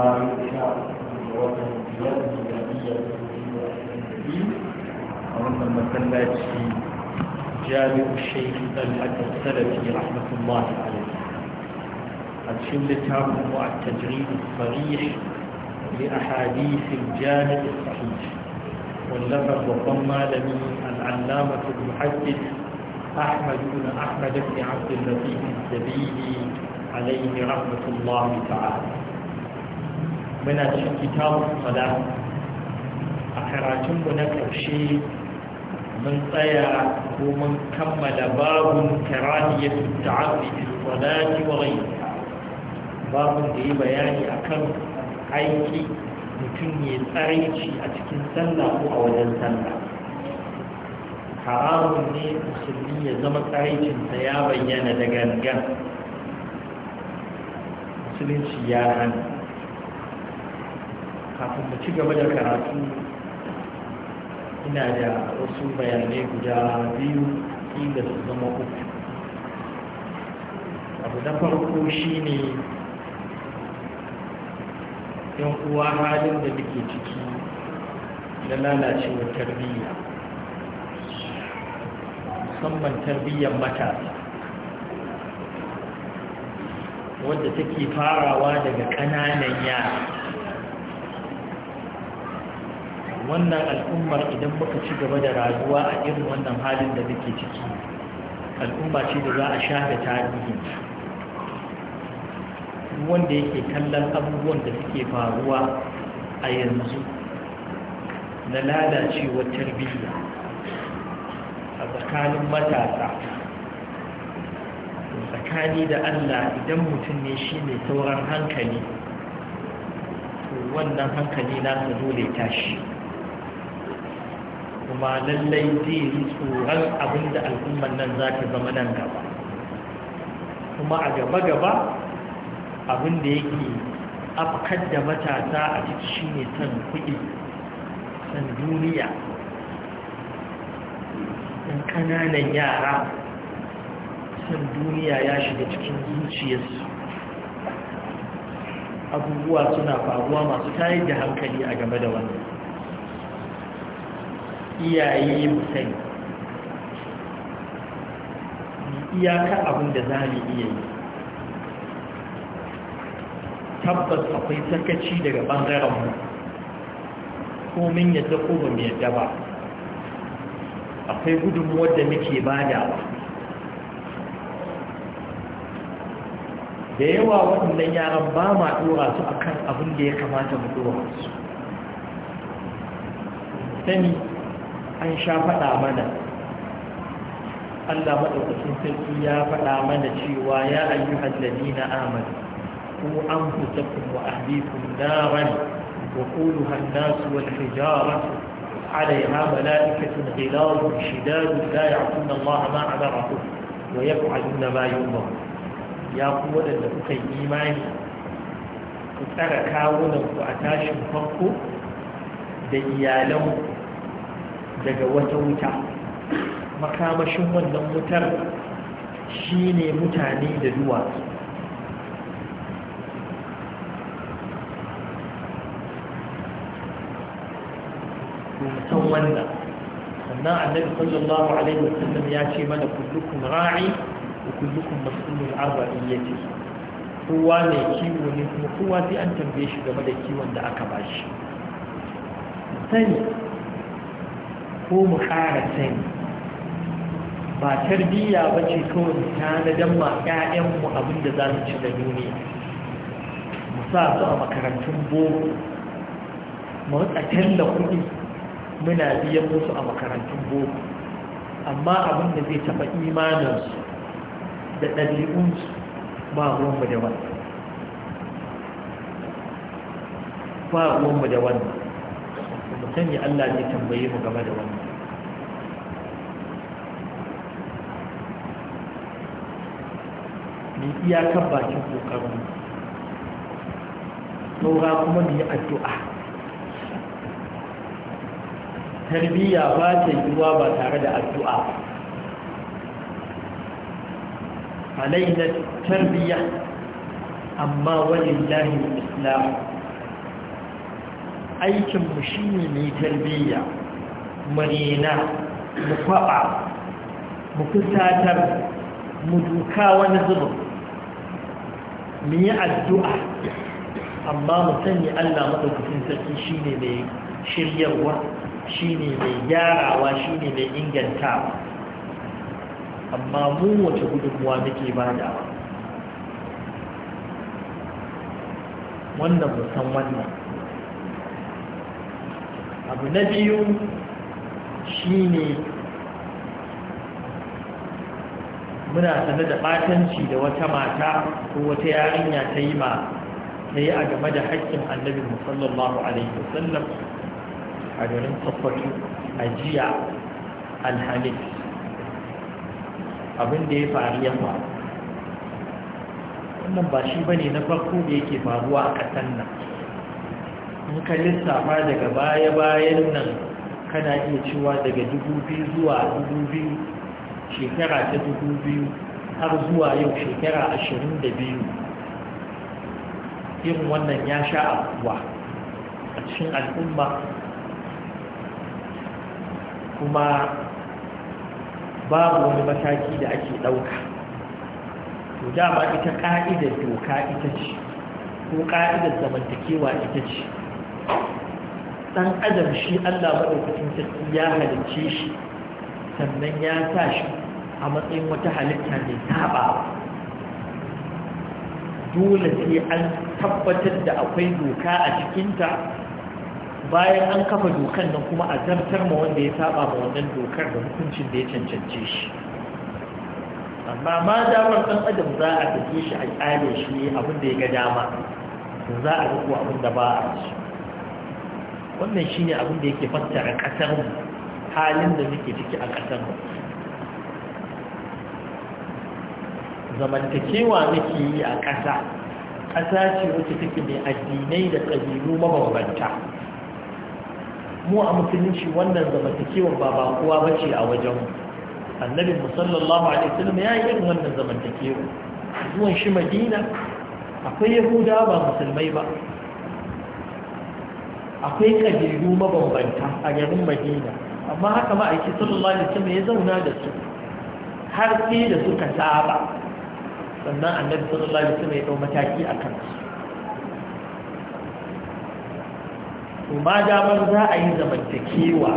باركنا وتهدينا ومن جامع الشيخ طلحة السلفي رحمة الله عليه الشمل تام هو التجريد الصريح لأحاديث الجامع الصحيح واللفظ وضم لمن العلامة المحدث أحمد بن أحمد بن عبد اللطيف الزبيدي عليه رحمة الله تعالى muna cikin kitabun sala a karatunmu na ƙarshe mun tsaya ko mun kammala babun karaniya ta'afi salati wa rai babun da yi bayani akan aiki mutum ya tsaraici a cikin sallah ko a wajen sallah haramun ne musulmi ya zama tsaraicinsa ya bayyana da gangan musulunci ya hana kafin mu ci gaba da karatu ina da wasu bayanai guda biyu inda su zama uku abu na farko shi ne yan uwa halin da muke ciki na lalacewar tarbiyya musamman tarbiyyar matasa wadda take farawa daga ƙananan yara wannan al'ummar idan muka ci gaba da rayuwa a irin wannan halin da muke ciki al'umma ce da za a shafe tarihi wanda yake kallon abubuwan da suke faruwa a yanzu na lalacewar tarbiyya a tsakanin matasa tsakani da allah idan mutum ne shi ne sauran hankali wannan hankali nasa dole tashi amma lallai zai yi tsoron abin da al'ummar nan za ta zama nan gaba kuma a gaba-gaba abin da yake afkar da matasa a ciki shi ne san kuɗi san duniya san ƙananan yara san duniya ya shiga cikin zuciyarsu abubuwa suna faruwa masu tayar da hankali a game da wannan iyaye mu sani iyaka abin da za mu iya yi tabbas akwai sarkaci daga ɓangarenmu komin yadda ko ba mu yadda ba akwai gudunmuwar da muke badawa da yawa waɗannan yaran ba ma ɗora su akan abin da ya kamata mu ɗora su sani an sha faɗa mana Allah maɗaukacin sarki ya faɗa mana cewa ya ayyuhal ladina amanu ku anfusakum wa ahlikum naran wa quluha an wal hijaratu عليها ملائكة غلاظ شداد لا يعصون الله ما أمرهم ويفعلون ما يؤمرون يا قوة لكي إيماني ku tsara kawunanku a tashin farko da iyalanku daga wata wuta makamashin wannan wutar shi ne mutane da duwatsu san wannan sannan annabi sallallahu alaihi wasallam ya ce mana kullukun ra'i wa kullukum mas'ulun ce. kowa ne kiwo ne kuma kowa sai an tambaye shi game da kiwon da aka bashi sani ko mu ƙara sani ba tarbiyya ba ce kawai mu tanadan ma 'ya'yanmu abin da za mu ci da duniya mu sa su a makarantun boko mu rika talla kuɗi muna biyan musu a makarantun boko amma abin da zai taɓa imaninsu da ɗabi'unsu ba ruwanmu da wani. ba ruwanmu da wani. mu sani Allah zai tambaye mu game da wani. mai iyakar bakin kokarin saura kuma mai addu'a tarbiyya ba ta yiwuwa ba tare da addu'a alaina tarbiyya amma walillahi islam aikinmu shi ne mai tarbiyya marina mu kwaɓa, mu kusatar mu duka wani zubin mu yi addu'a amma mu sani Allah madaukakin sarki ne mai shiryarwa ne mai gyarawa ne mai ingantawa amma mu wace gudunmuwa muke badawa wannan musan wannan abu na biyu shine muna sanar da batanci da wata mata ko wata yarinya ta yi ma ta yi a game da haƙƙin annabi musallallahu alaihi wasallam a garin tsaffatu a jiya alhamis abin da ya faru yamma. wannan ba shi bane na farko da yake faruwa a ƙasan nan in ka lissafa daga baya-bayan nan kana iya cewa daga dubu biyu zuwa dubu biyu. shekara ta dubu biyu har zuwa yau shekara ashirin da biyu irin wannan ya sha abuwa a cikin al'umma kuma babu wani mataki da ake ɗauka to dama ita ƙa'idar doka ita ce ko ƙa'idar zamantakewa ita ce ɗan adam shi allah maɗaukacin sarki ya halicce shi sannan ya sa shi a matsayin wata halitta mai saba dole sai an tabbatar da akwai doka a cikinta bayan an kafa dokan nan kuma a zartar ma wanda ya saba ma wannan dokar da hukuncin da ya cancance shi amma ma damar ɗan adam za a tafi shi a ƙare shi abin da ya ga dama za a riko abin da ba a ci wannan shi ne abin da yake fattara ƙasar halin da muke ciki a ƙasar mu zamantakewa nake yi a ƙasa ƙasa ce wacce take mai addinai da ƙabilu mabambanta mu a musulunci wannan zamantakewa ba ba kowa ba ce a wajen annabi musallallahu alaihi wasallam ya yi irin wannan zamantakewa zuwan shi madina akwai Yahuda ba musulmai ba akwai ƙabilu mabambanta a garin madina amma haka ma'aiki sallallahu alaihi wasallam ya zauna da su har sai da suka saba sannan annabi sallallahu alaihi wasallam ya dau mataki akan su to ma damar za a yi zamantakewa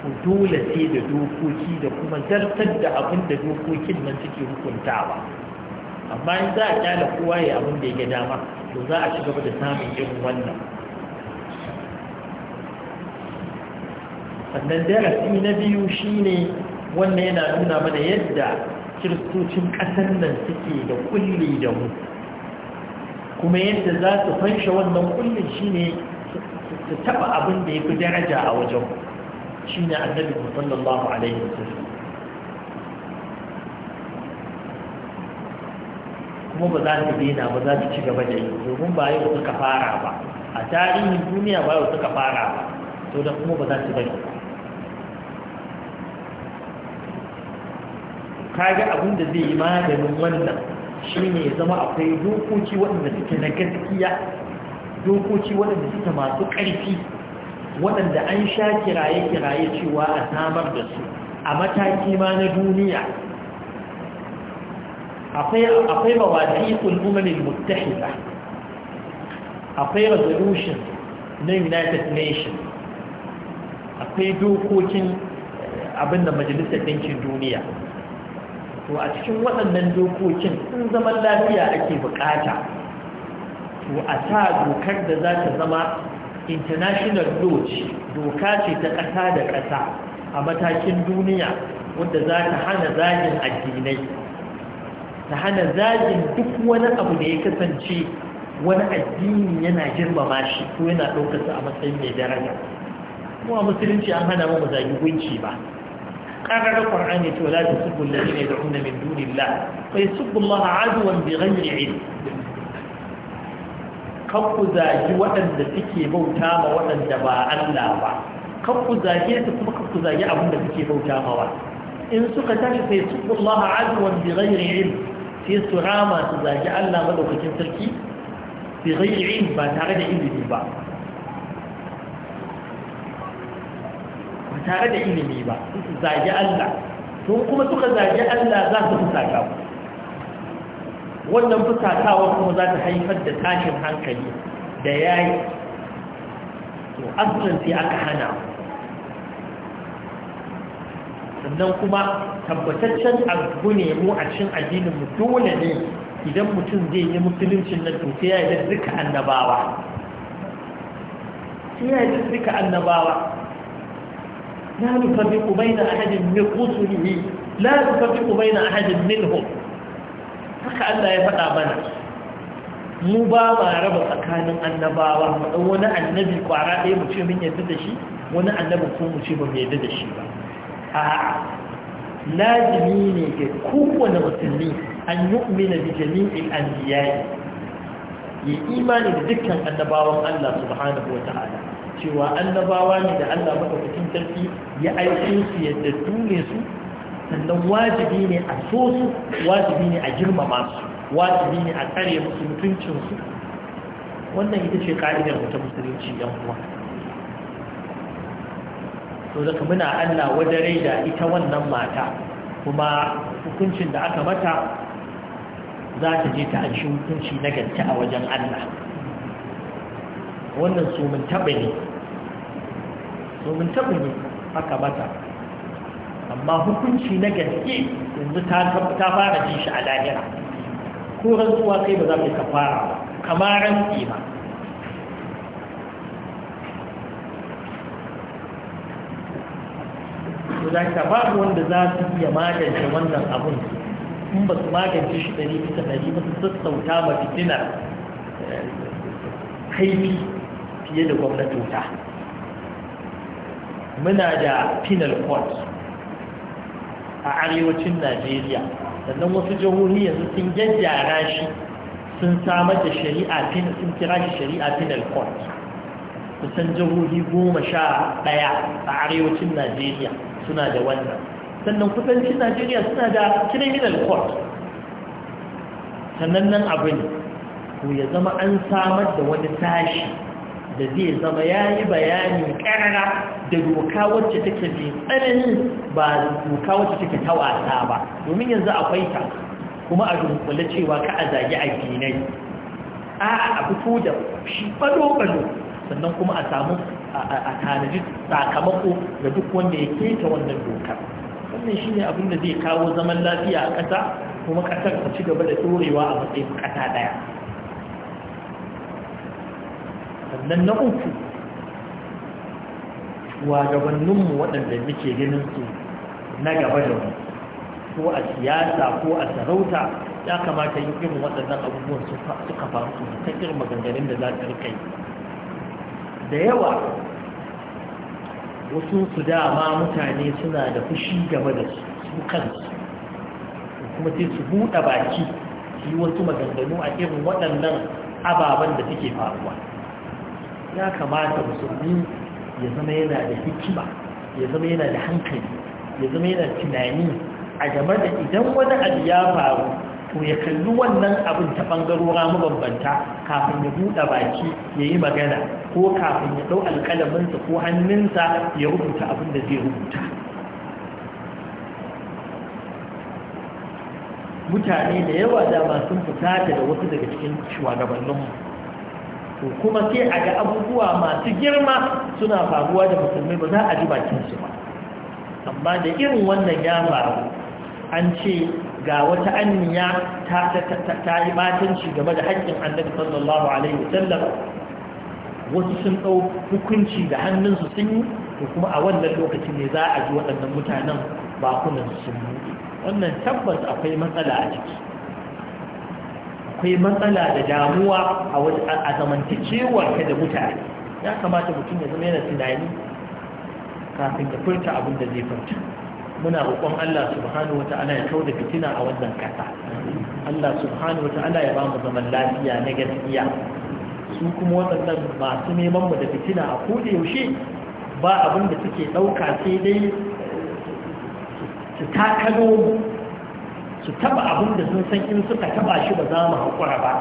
ku dole sai da dokoki da kuma zartar da abin da dokokin nan suke hukuntawa amma in za a kyala kowa ya abin da ya ga dama to za a ci da samun irin wannan sannan darasi na biyu shine wannan yana nuna mana yadda kiristocin ƙasar nan suke da kulle da mu kuma yadda za su fansha wannan kullin shine su taɓa abin da ya fi daraja a wajen shi ne annabi sallallahu alaihi wasallam kuma ba za su daina ba za su ci gaba da yi domin ba yau suka fara ba a tarihin duniya ba yau suka fara ba to da kuma ba za su bari ba kaga abin da zai yi maganin wannan shine ya zama akwai dokoki waɗanda suke na gaskiya dokoki waɗanda suke masu ƙarfi waɗanda an sha kiraye-kiraye cewa a samar da su a mataki ma na duniya akwai mawaziƙul umarin mutahida akwai resolution na united nations akwai dokokin da majalisar ɗinkin duniya to a cikin waɗannan dokokin in zaman lafiya ake buƙata, to a sa dokar da za ta zama international law doka ce ta ƙasa da ƙasa a matakin duniya wadda za ta hana zagin addinai ta hana zagin duk wani abu da ya kasance wani addini yana girmama shi ko yana ɗaukarsa a matsayin mai daraja kuma musulunci an hana mu zagi gunci ba da قرر القرآن ولا تسبوا الذين يدعون من دون الله فيسبوا الله عدوا بغير علم kakku zagi waɗanda suke bauta ma waɗanda ba Allah ba kakku zage su kuma kakku zagi abin da suke bauta ma ba in suka tafi sai su Allah azwan bi ghairi ilm sai su rama su zagi Allah madaukakin sarki bi ghairi ilm ba tare da ilimi ba ba tare da ilimi ba su zage Allah to kuma suka zage Allah za su fusata ku wannan fusatawa kuma za ta haifar da tashin hankali da yayi to asirin sai aka hana sannan kuma tabbataccen abu ne mu a cin addinin mu dole ne idan mutum zai yi musuluncin na to sai ya yi duka annabawa sai ya yi duka annabawa لا نفرق بين أحد من رسله لا نفرق بين أحد منهم Allah ya faɗa mana mu ba ma raba tsakanin annabawa faɗin wani annabi kwara ɗaya mu ce mun yadda da shi wani annabi ko mu ce ba mu yadda da shi ba a ne kowane musulmi an yu'mina ya imani da dukkan annabawan Allah subhanahu cewa annabawa ne da Allah madaukakin sarki ya aiki su yadda dune su sannan wajibi ne a so su wajibi ne a girmama su wajibi ne a tsare musu mutuncinsu wannan ita ce ka'idar wata musulunci yan uwa to da muna Allah wadare da ita wannan mata kuma hukuncin da aka mata za ta je ta anshi hukunci na gaske a wajen Allah wannan su mun taɓa ne su mun taɓa ne aka mata amma hukunci na gaske yanzu ta fara ji shi a lahira ko rantsuwa kai ba za ka fara ba kamar rantsi ba za ba wanda za su iya magance wannan abun in ba su magance shi ɗari bisa ɗari ba su sassauta ma fitinar eh, haifi. fiye da ta muna da penal court a arewacin najeriya sannan wasu jihohi yanzu sun gyara shi sun samar da shari'a sun kira shi shari'a penal court kusan jihohi goma sha ɗaya a arewacin najeriya suna da wannan sannan kudancin najeriya suna da criminal court sannan nan abin ko ya zama an samar da wani tashi da zai zama ya yi bayani karara da doka wacce take mai tsanani ba doka wacce take ta wasa ba domin yanzu akwai ta kuma a dunkule cewa ka a zagi a addinai a a fito da shi balo-balo sannan kuma a samu a tanaji sakamako ga duk wanda ya keta wannan dokar wannan shi ne abin da zai kawo zaman lafiya a ƙasa kuma ƙasar ta ci gaba da ɗorewa a matsayin ƙasa ɗaya nan na uku gabaninmu waɗanda muke ganin su na gaba da mu ko a siyasa ko a sarauta ya kamata yi irin waɗannan abubuwan suka faru su ta irin maganganun da za su rika da yawa wasu su dama mutane suna da fushi game da su kansu kuma sai su buɗe baki su yi wasu maganganu a irin waɗannan ababen da suke faruwa ya kamata musulmi ya zama yana da hikima ya zama yana da hankali ya zama yana tunani a game da idan wani abu ya faru to ya kalli wannan abin ta bangarora mabambanta kafin ya buɗe baki ya yi magana ko kafin ya ɗau alƙalaminsa ko hannunsa ya rubuta abin da zai rubuta mutane da yawa dama sun fita da wasu daga cikin shugabanninmu to kuma sai a ga abubuwa masu girma suna faruwa da musulmai ba za a ji bakin su ba amma da irin wannan ya faru an ce ga wata anniya ta yi batanci game da haƙƙin annabi sallallahu alaihi wasallam wasu sun ɗau hukunci da hannunsu sun yi to kuma a wannan lokacin ne za a ji waɗannan mutanen bakunan sun buɗe wannan tabbas akwai matsala a ciki akwai matsala da damuwa a zamantakewa ka da mutane ya kamata mutum ya zama yana tunani kafin ya furta abin da zai furta muna roƙon Allah subhanahu ta'ala ya da fitina a wannan kasa Allah subhanahu ta'ala ya ba mu zaman lafiya na gaskiya su kuma waɗannan masu neman mu da fitina a koda yaushe ba abin da suke ɗauka sai dai su takalo mu su taba abin da sun san in suka taba shi ba za mu haƙura ba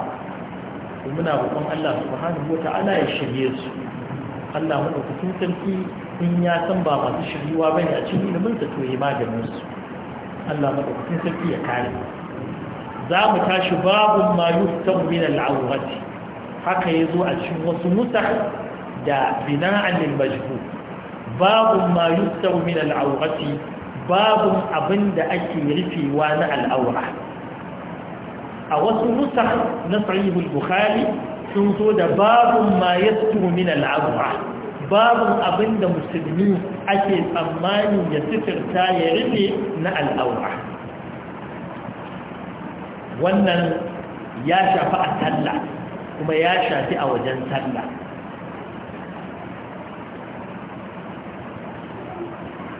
muna roƙon Allah subhanahu wata'ala ya shirye su Allah mana kusin sarki in ya san ba masu shiryuwa bane a cikin ilimin ta to ya maganin su Allah mana kusin sarki ya kare za mu tashi babu ma yuftahu min al-awrati haka yazo a cikin wasu musa da bina'an lil majhu Babu ma yuftahu min al babu abin da ake rufewa na al'aura a wasu nusa na sahihul bukhari sun zo da babun ma yasturu min al'aura babun abin da musulmi ake tsammanin ya sifirta ya rufe na al'aura wannan ya shafi a talla kuma ya shafi a wajen talla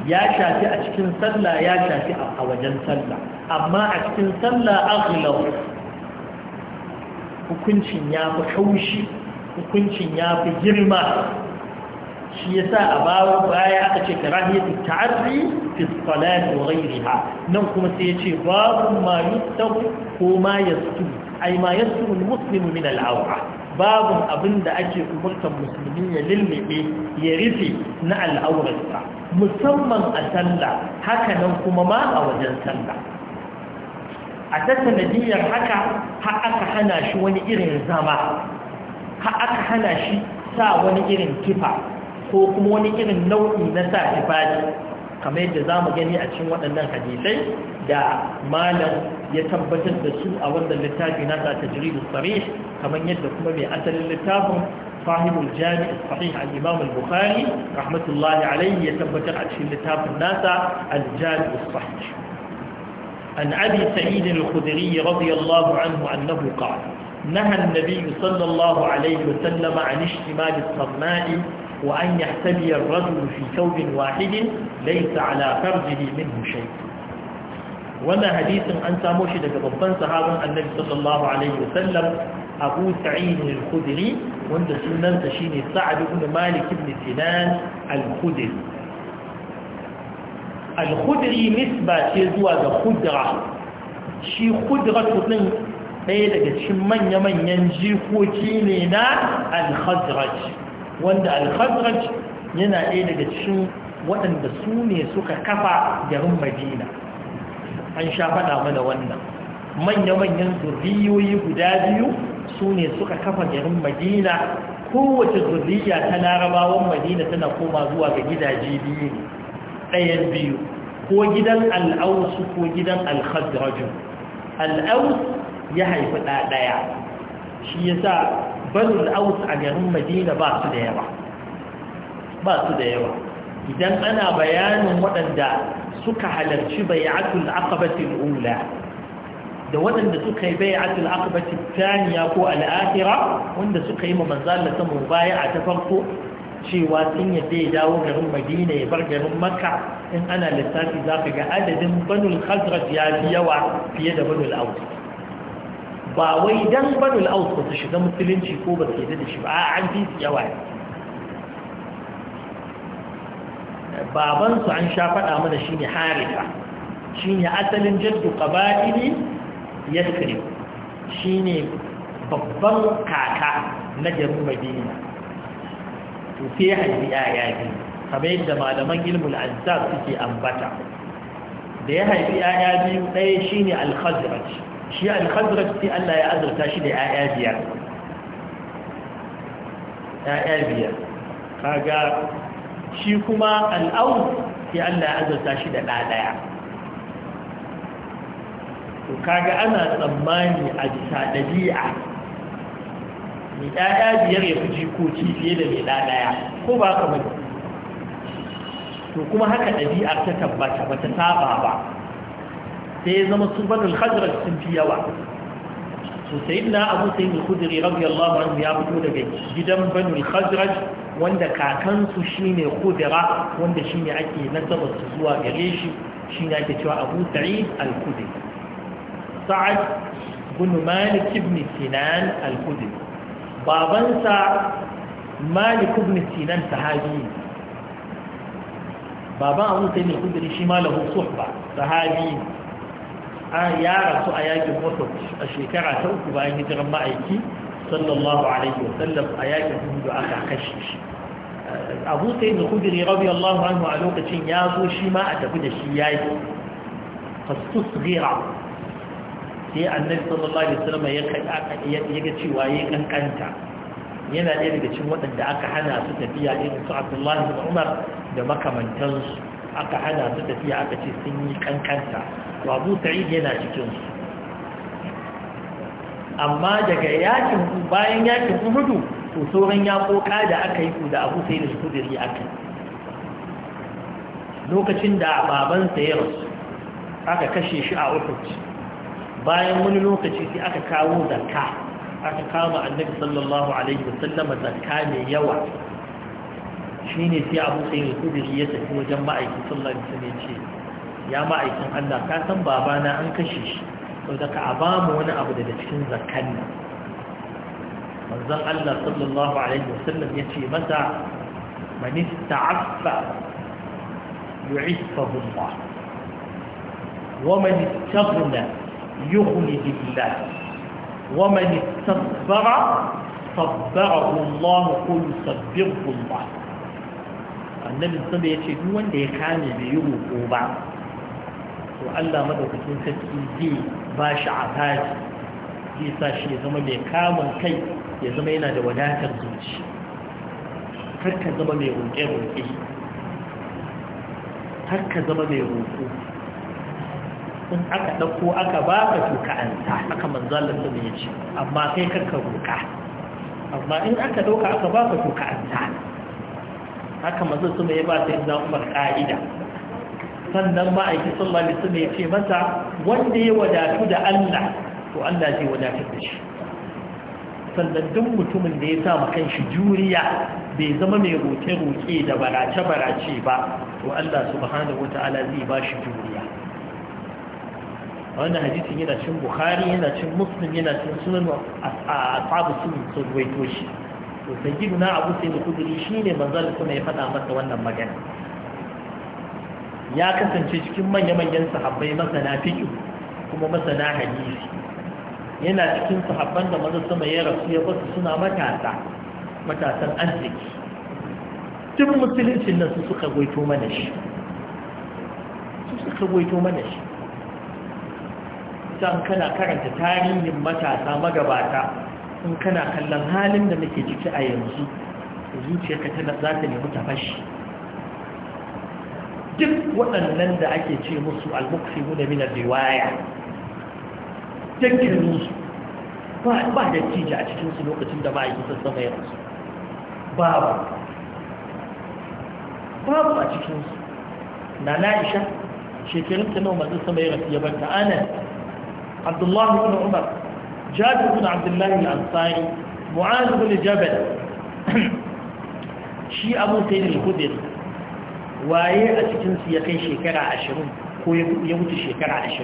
ya shafi a cikin sallah ya shafi a wajen sallah amma a cikin sallah aghlau hukuncin ya fi kaushi hukuncin ya fi girma shi ya sa a bawa baya aka ce karahiyatu ta'arri fi salati wa ghayriha nan kuma sai ya ce babu ma yustahu ko ma yastu ai ma yastu al min babu abinda ake umurtar musulmi ya lillibe ya rufe na al'aurarsa musamman a sallah haka nan kuma ma a wajen sallah a ta sanadiyar haka ha aka hana shi wani irin zama ha aka hana shi sa wani irin kifa ko kuma wani irin nau'i na sa kifaji kamar yadda za mu gani a cikin waɗannan hadisai da malam ya tabbatar da su a wannan littafi na ta tajridu sarih kamar yadda kuma mai asalin littafin صاحب الجامع الصحيح عن الإمام البخاري رحمة الله عليه يثبت في لتاب الناس الجامع الصحيح عن أبي سعيد الخدري رضي الله عنه أنه قال نهى النبي صلى الله عليه وسلم عن اشتمال الصماء وأن يحتبي الرجل في ثوب واحد ليس على فرجه منه شيء وما حديث أن samo shi daga النبي صلى الله عليه وسلم أبو سعيد الخدري wanda sunansa shine sa'ad ibn malik ibn sinan al-khudri al nisba ce zuwa ga khudra shi khudra din ɗaya daga cikin manya-manyan jikoki ne na al wanda al yana ɗaya daga cikin waɗanda su ne suka kafa garin madina an sha faɗa mana wannan manya-manyan zurriyoyi guda biyu su ne suka kafa garin madina kowace zurriya ta larabawan madina tana koma zuwa ga gidaje biyu ɗayan biyu ko gidan al'ausu ko gidan al-khadraju al'aus ya haifi ɗaya shi ya sa banul aus a garin madina ba su da yawa ba su da yawa idan ana bayanin waɗanda suka halarci bayatul aqabatul ula da waɗanda suka yi bai atul akabati taniya ko Al'ahira, wanda suka yi ma manzala ta mubaya a ta farko cewa sun yadda ya dawo garin madina ya bar garin makka in ana lissafi za ka ga adadin banul khazraj ya fi yawa fiye da banul aus ba wai dan banul aus ba su shiga musulunci ko ba su yadda da shi ba a an fi su yawa babansu an sha faɗa mana shine harika shine asalin jaddu qaba'ili shi ne babban kaka na garin madina to sai haifi yaya biyu kamar yadda malaman ilmul ansab suke ambata da ya haifi yaya biyu ɗaya shi ne khazraj shi al sai Allah ya azurta shi da yaya biyar yaya biyar kaga shi kuma al sai Allah ya azurta shi da ɗaya to kaga ana tsammani a bisa ɗabi'a mai ɗaya biyar ya fi jikoki fiye da mai ɗaya ko ba ka mai to kuma haka ɗabi'ar ta tabbata ba ta saba ba sai ya zama su banul hajjar sun fi yawa Sosai sai na abu sai mai kudiri rabi Allah ya fito daga gidan banul hajjar wanda kakansu shine kudira wanda shine ake nasabar su zuwa gare shi shi ne ake cewa abu sa'id al-kudiri سعد بن مالك بن سنان الخدري بابنسا مالك بن سنان صحابي بابا أبو سيد الخدري شما له صحبة صحابي آه، يا رسول أياك وسط الشيكرة توقف بأي هجر مايكي صلى الله عليه وسلم أياك آه، هند أخا خشش آه، أبو سيد الخدري رضي الله عنه على وقت يازو شما أتفد الشياك فاستصغير sai annabi sallallahu alaihi wasallam ya ya ga cewa yayin kankanta yana da daga cikin waɗanda aka hana su tafiya irin su Abdullahi da Umar da makamantansu aka hana su tafiya aka ce sun yi kankanta wa Abu Sa'id yana cikin su amma daga yakin bayan yakin Uhud to sauran yakoka da aka yi da Abu Sa'id da Khudri aka lokacin da babansa ya rasu aka kashe shi a Uhud bayan wani lokaci sai aka kawo zarka, aka kama annabi sallallahu alaihi wasallama zarka mai yawa shine sai abu sai ne kudiri ya tafi wajen ma'aikin sallallahu alaihi wasallam ce ya ma'aikin Allah ka san babana an kashe shi daga ka ba mu wani abu daga cikin zakkan nan manzon Allah sallallahu alaihi wasallam ya ce masa man ista'affa yu'iffahu Allah wa man istaghna يخلد الله ومن استكبر صبره الله قل صبره الله annabi sun ya ce duk wanda ya kame bai yi roƙo ba to Allah madaukakin sarki zai ba shi afaji zai sa shi ya zama mai kamun kai ya zama yana da wadatar zuci Kar ka zama mai roƙe-roƙe Kar ka zama mai roƙo in aka ɗauko aka ba ka tuka an sa aka manzalar su ne ce amma kai karka roƙa amma in aka ɗauka aka ba ka tuka an sa haka manzal su ne ba sai na umar ƙa'ida sannan ma'aiki sallallahu alaihi wasallam ya ce mata, wanda ya wadatu da Allah to Allah zai wadatar da shi sannan duk mutumin da ya sa ma shi juriya bai zama mai roƙe-roƙe da barace-barace ba to Allah subhanahu wata'ala zai ba shi juriya wannan hadisin yana cin bukhari yana cin muslim yana cin sunan ashabu sunan sun ruwaito shi to sayyidu na abu sai da kudiri shine manzon kuma ya faɗa masa wannan magana ya kasance cikin manya-manyan sahabbai masana fiqh kuma masana hadisi yana cikin sahabban da maza sama ya rasu ya basu suna matasa matasan arziki duk musulunci nan su suka goito mana shi su suka goito mana shi san kana karanta tarihin matasa magabata in kana kallon halin da muke ciki a yanzu zuciyarka tana za ta nemi ta fashi duk waɗannan da ake ce musu almukfi da mina riwaya musu ba da tija a cikinsu lokacin da ba yi sassama ya rasu babu babu a cikinsu na na'isha shekarun ta nawa masu sama ya rasu ya banta anan abdullah ibn umar jabir ibn abdullah al-ansari mu'az bin jabal shi abu sayyid al-khudri waye a cikin su ya kai shekara 20 ko ya wuce shekara 20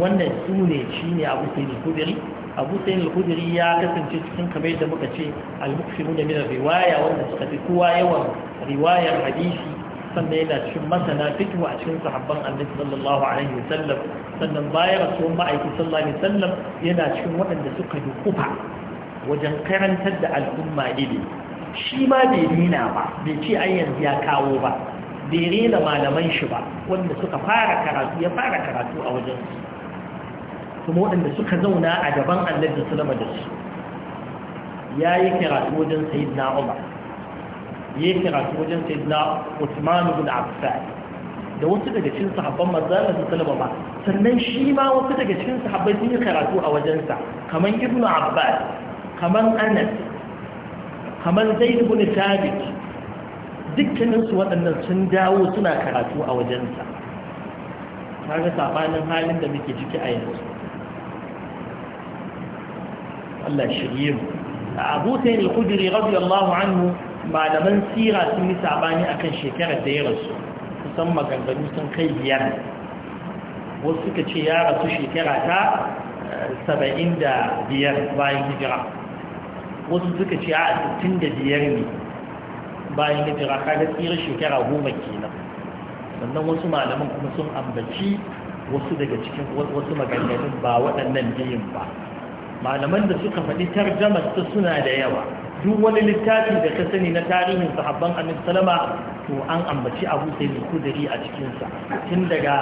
wannan su ne shi ne abu sayyid al-khudri abu Sayyid al-hudiri ya kasance cikin kamar yadda muka ce al-muksimu da min riwaya wanda suka fi kowa yawan riwayar hadisi sannan yana cikin masana fikihu a cikin sahabban annabi sallallahu alaihi wasallam sannan bayan rasuwan ma'aiki sallallahu alaihi wasallam yana cikin waɗanda suka yi dukufa wajen karantar da al'umma ilimi shi ma bai rena ba bai ce ai yanzu ya kawo ba bai rena malaman shi ba wanda suka fara karatu ya fara karatu a wajen su kuma waɗanda suka zauna a gaban annabi sallallahu alaihi wasallam da su ya yi karatu wajen sayyidina Umar yi karatu wajen sayyidina Uthman ibn Affan da wasu daga cikin sahabban manzo Allah sallallahu ba sannan shi ma wasu daga cikin sahabbai sun yi karatu a wajen sa kaman Ibn Abbas kaman Anas kaman Zaid ibn Thabit dukkanin su waɗannan sun dawo suna karatu a wajen sa kaga sabanin halin da muke ciki a yanzu Allah shirye mu Abu Sayyid al-Khudri radiyallahu anhu malaman sira sun yi sabani kan shekarar da ya rasu kusan maganganu sun kai biyar wasu suka ce ya rasu shekara ta eh, saba'in da biyar bayan hijira wasu suka ce a sittin da biyar ne bayan hijira kaga tsirar shekara goma kenan sannan wasu malaman kuma sun ambaci wasu daga cikin wasu maganganun ba waɗannan biyun ba malaman da suka faɗi tarjamar ta suna da yawa duk wani littafi da ka sani na tarihin sahabban amin salama to an ambaci abu sai da kudari a cikinsa tun daga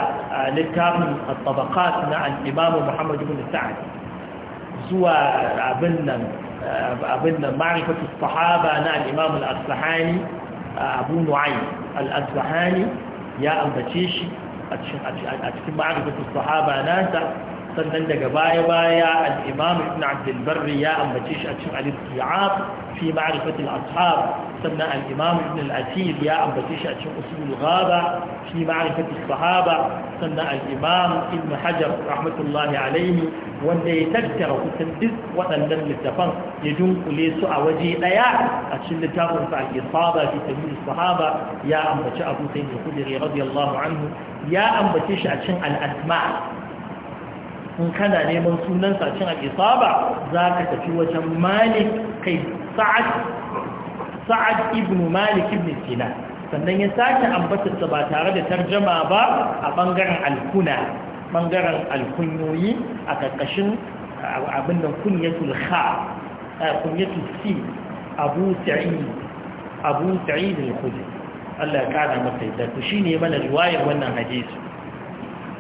littafin tabaqat na al-imam muhammad ibn sa'ad zuwa abin nan abin nan ma'rifatu sahaba na al-imam al-asfahani abu nu'aym al-asfahani ya ambace shi a cikin ma'rifatu sahaba ta. sannan daga baya-baya al'imam ibn abdulbarri ya ambace shi a cikin alistiyaf fi ma'arifatul ashab sannan al'imam ibn al'atil ya ambace shi a cikin usulul ghaba fi ma'arifatul sahaba sannan al'imam ibn hajar rahmatullahi alaihi wanda ya tattara kusan duk waɗannan littafan ya dunkule su a waje ɗaya a cikin littafin sa al-isaba fi tamyiz sahaba ya ambace abu sayyid al-khudri radiyallahu anhu ya ambace shi a cikin al-asma' in kana neman sunan sacin al'isaba za ka tafi wajen malik kai sa'ad ibn malik ibn sina sannan ya sake ambatarsa ba tare da tarjama ba a ɓangaren alkuna bangaren alkunyoyi a ƙarƙashin abin da kunyatul ha kunyatul si abu sa'id abu sa'id al-khudri Allah ya kara masa yadda to shine mana riwayar wannan hadisi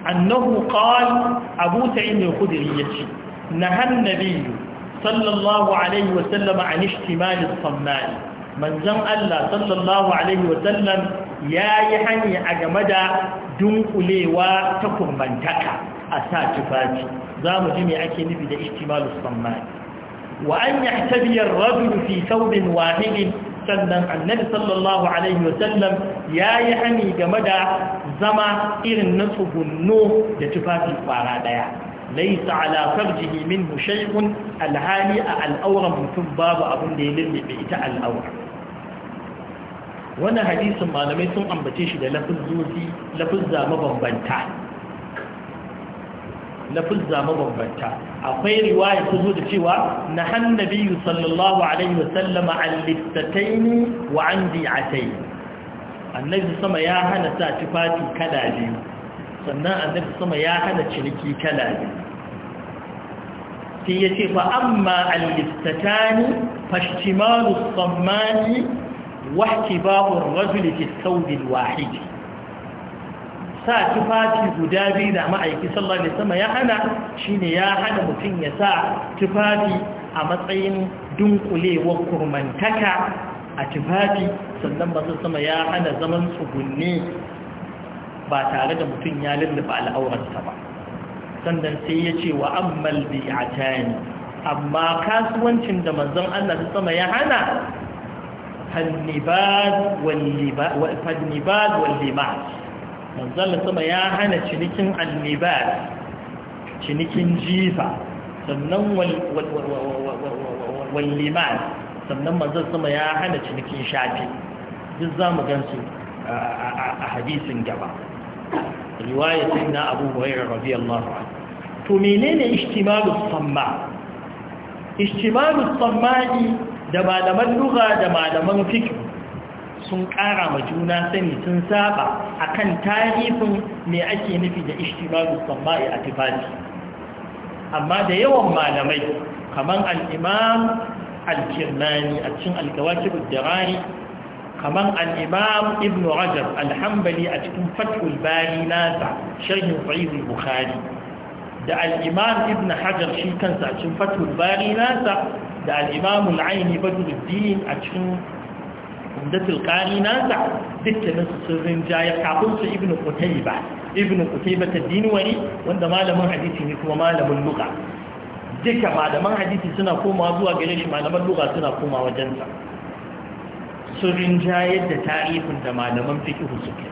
annahu qal abu sa'id al-khudri yace nahan nabiyyu sallallahu alaihi wa sallam an ishtimal as-samman manzon Allah sallallahu alaihi wa sallam yayi hani a game da dunkulewa ta kumbantaka a sa tufafi zamu ji me ake nufi da ishtimal as-samman wa an fi thawbin wahidin sannan annabi sallallahu alaihi wasallam ya yi hani game da zama irin na tsugunno da tufafi fara daya laisa ala farjihi minhu shay'un alhali a al'auran mutum babu abin da ya lullube ita al'aura wannan hadisin malamai sun ambace shi da lafuzzozi lafuzza mabambanta na fulza mabambanta akwai riwaya ta zo da cewa na hannabiyu sallallahu alaihi wasallama al-liftataini wa an bi'atai annabi sama ya hana sa tufafi kala biyu sannan annabi sama ya hana ciniki kala biyu sai ya ce fa amma al-liftatani fashtimalu sammani wa ihtiba'u ar-rajuli fi thawb al sa tufafi guda biyu da ma'aiki sallallahu alaihi sama ya hana shine ya hana mutum ya sa tufafi a matsayin dunkulewar kurmantaka a tufafi sannan ba sama ya hana zaman tsugunne ba tare da mutum ya lullufa al'auransa ba sannan sai ya ce wa ammal bi'atani amma kasuwancin da manzan Allah sama ya hana hannibad wal manzala sama ya hana cinikin annibar cinikin jifa sannan walliman sannan manzala sama ya hana cinikin shafi duk za mu gansu a hadisin gaba riwaya sai na abu rabi radiyallahu anhu to menene ishtimalus samma ishtimalus sammani da malaman duka da malaman fiqh sun ƙara ma juna sani sun saba a kan tarihin mai ake nufi da ishtibaru samma'i a tufafi amma da yawan malamai kamar al'imam al-kirmani a cikin alkawakibin dirari kamar al'imam ibn rajab alhambali a cikin fatul bari nasa sharhin fa'izul bukhari da al'imam ibn hajar shi kansa a cikin fatul bari nasa da al'imam al'aini badruddin a cikin umdatul qari nasa dukkanin su sun rinjaya kafin su ibn qutayba ibn ta tadinwari wanda malamin hadisi ne kuma malamin lugha duka malaman hadisi suna komawa zuwa gare shi malaman lugha suna komawa wajensa Sun rinjayar da tarihin da malaman fikihu suke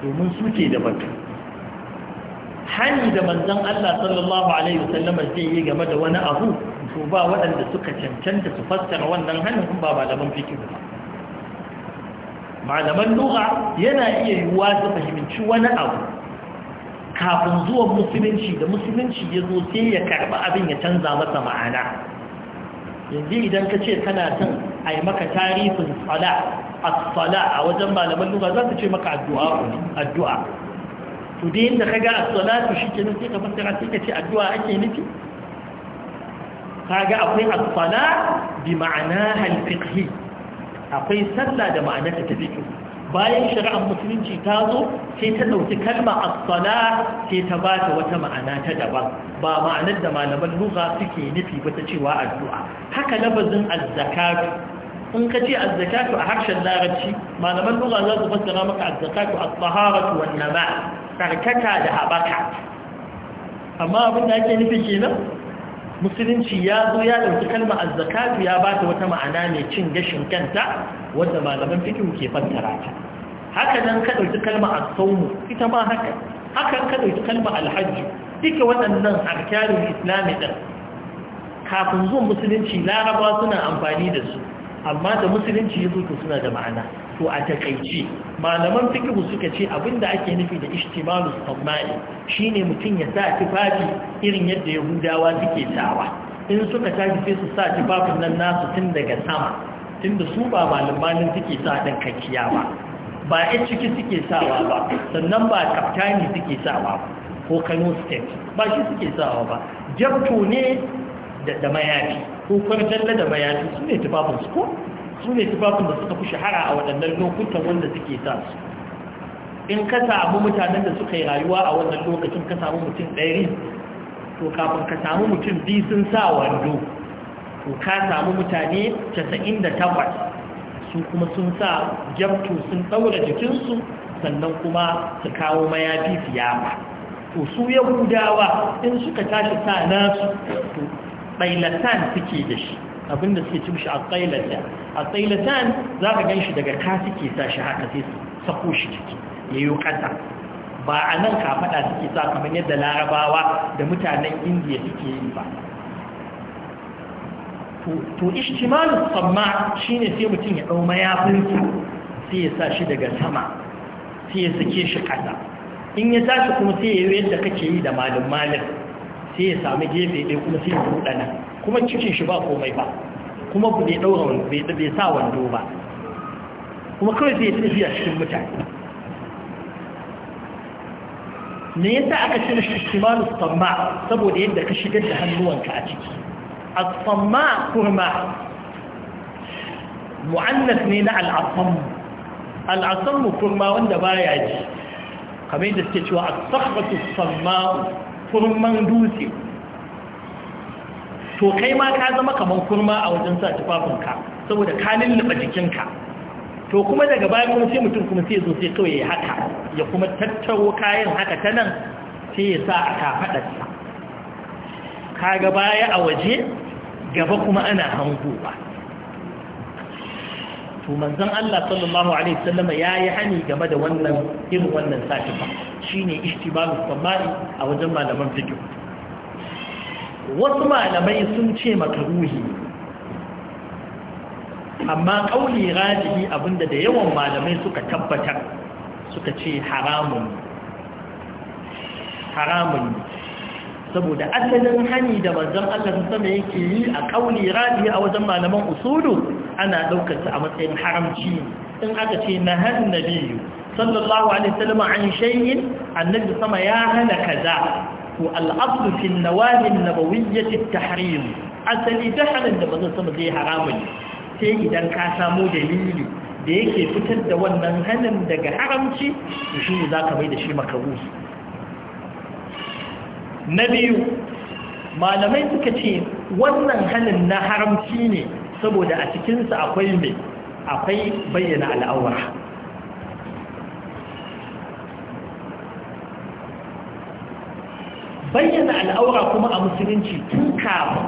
domin suke da batu hani da manzan Allah sallallahu Alaihi wasallama zai yi game da wani abu to ba waɗanda suka cancanta su fassara wannan hannun ba malaman fikihu ba malaman lura yana iya yiwuwa su fahimci wani abu kafin zuwan musulunci da musulunci ya zo sai ya karba abin ya canza masa ma'ana yanzu idan ka ce kana son a yi maka tarifin tsala a tsala a wajen malaman lura za su ce maka addu'a to ka ga a tsala to shi ke nufi ka fassara sai ka ce addu'a ake nufi ka ga akwai a tsala bi ma'ana halfiqhi akwai sallah da ma'anarta ta fito bayan shari'ar musulunci ta zo sai ta ɗauki kalma as-sala sai ta ba ta wata ma'ana ta daban ba ma'anar da malaman lugha suke nufi ba ta cewa addu'a haka labazin az-zakatu in ka ce az-zakatu a harshen larabci malaman lugha za su fassara maka az-zakatu at-taharatu wan-nama tsarkaka da habaka amma abin da ake nufi kenan musulunci ya zo ya ɗauki kalma zakatu ya ba ta wata ma'ana mai cin gashin kanta wadda malaman fikihu ke fassara ta haka nan ka ɗauki kalma a sawmu ita ma haka haka ka ɗauki kalma Alhaji. duka waɗannan arkanul islami din kafin zuwan musulunci laraba suna amfani da su amma da musulunci ya zuto suna da ma'ana to a takaici malaman fikihu suka ce abinda ake nufi da ishtimalu tsammani shine mutum ya sa tifafi irin yadda yahudawa suke sawa in suka tafi sai su sa tufafin nan nasu tun daga sama tunda su ba malamanin suke sa ɗan kakkiya ba ba a ciki suke sawa ba sannan ba kaftani suke sawa ba ko kano state ba shi suke sawa ba jabto ne da mayafi ko kwarjalla da mayafi su ne tufafin su ko su ne tufafin da suka fi shahara a waɗannan lokutan wanda suke sa su in ka samu mutanen da suka yi rayuwa a wannan lokacin ka samu mutum ɗari to kafin ka samu mutum biyu sun sa wando to ka samu mutane casa'in da takwas? su kuma sun sa jabtu sun ɗaura jikinsu sannan kuma su kawo mayafi fiyafa to su yahudawa in suka tashi sa nasu ƙailatan suke da shi abinda suke cin shi a ƙailatan a ƙailatan za ka ganshi daga ka suke sa shi haka sai su sako shi ciki yi kasa ba a nan kafaɗa suke sa kamar yadda larabawa da mutanen indiya suke yi ba to ishtimalus samma ne sai mutum ya ɗau mayafinsa sai ya sa shi daga sama sai ya sake shi kasa in ya tashi kuma sai ya yi yadda kake yi da malin malin sai ya sami gefe ɗaya kuma sai ya buɗa nan kuma cikin shi ba komai ba kuma bai ɗaura bai sa wando ba kuma kawai sai ya tafiya cikin mutane ne yasa aka ce shi shimalu tsamma saboda yadda ka shigar da hannuwanka a ciki a tsamma kurma mu'annas ne na al'asammu al'asammu kurma wanda baya ji kamar yadda suke cewa a tsakbatu tsamma kurman dutse to kai ma ka zama kamar kurma a wajen sa tufafinka saboda ka lullaba jikinka to kuma daga baya kuma sai mutum kuma sai zo sai kawai ya haka ya kuma tattaro kayan haka ta nan sai ya sa a kafaɗarsa kaga baya a waje gaba kuma ana hango ba to manzon Allah sallallahu alaihi wasallam yayi hani game da wannan irin wannan sakifa shine ihtimalus samari a wajen malaman fiqh wasu malamai sun ce makruhi amma kauli rajihi abinda da yawan malamai suka tabbatar suka ce haramun haramun saboda asalin hani da manzon Allah sallallahu alaihi wasallam yake yi a kauli rajihi a wajen malaman usulu ana ɗaukar a matsayin haramci in aka ce na hannun nabiyu sallallahu alaihi wasallam an shay'in annabi sama ya hana kaza to al'abdu fi nawahi nabawiyyati tahrim asali da halin da bazan sama zai haramu ne sai idan ka samu dalili da yake fitar da wannan hannun daga haramci to shi ne zaka mai da shi makaruhi na biyu malamai suka ce wannan hannun na haramci ne saboda a cikinsa akwai mai akwai bayyana al'awara bayyana al'aura kuma a musulunci tun kafin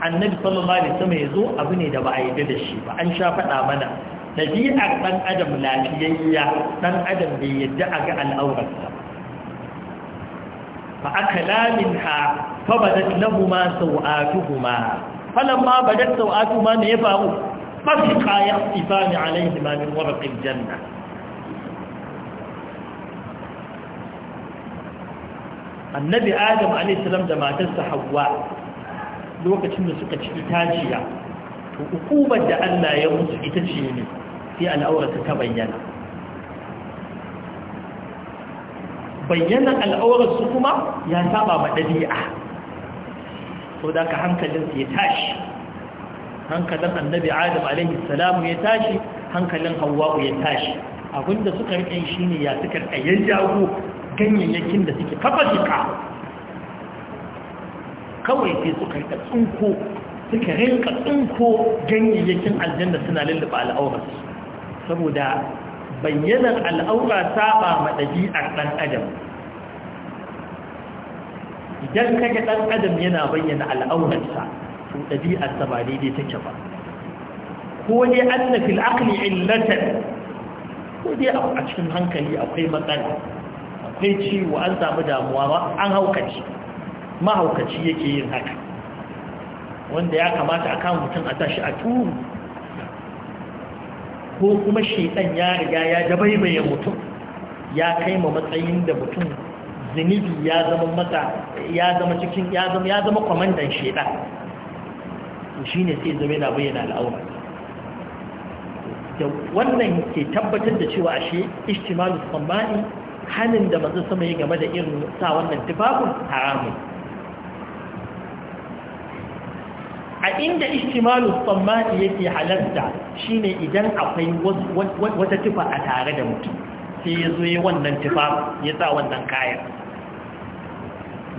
annabi sallallahu alaihi wasallam ya zo abu ne da ba a yarda da shi ba an sha faɗa mana ɗabi'ar ɗan adam lafiyayya ɗan adam bai yadda a ga al'aurarsa fa aka lamin ha fa badat lahuma sau'atuhuma falamma badat sau'atu ma ne ya faru fasika yaqtifani alayhi ma min warqil janna annabi adam alayhi salam da matarsa Hauwa lokacin da suka ci itaciya to hukumar da Allah ya musu ita ce ne sai al'aurata ta bayyana Bayyanan al'aurar su kuma ya saba ma ɗabi'a. so da ka hankalinsu ya tashi hankalin annabi adam alaihi salamu ya tashi hankalin hawa'u ya tashi abinda suka riƙe shi ne ya suka riƙayen jago ganyayyakin da suke fafasika kawai sai suka riƙa tsunko suka rinka tsinko ganyayyakin aljanna suna lullaba al'aurar, saboda bayyanar al'aura saba ma ɗabi'ar ɗan adam idan kaga ɗan adam yana bayyana al'aunarsa to ɗabi'arsa ba daidai take ba ko dai anna fil aqli illatan ko dai a cikin hankali akwai matsala akwai ciwo an samu damuwa ba an haukaci mahaukaci yake yin haka wanda ya kamata a kama mutum a tashi a turu ko kuma shaitan ya riga ya dabaibaye mutum ya kai ma matsayin da mutum zunubi ya zama mata ya zama cikin ya zama ya zama kwamandan sheda to shine sai zama yana bayyana al'aura da wannan ke tabbatar da cewa ashe ijtimalus sammani halin da mazan sama ya game da irin sa wannan tufafin haramun a inda ishtimalus sammani yake halarta shine idan akwai wata tufa a tare da mutum sai ya zo ya wannan tufa ya sa wannan kayan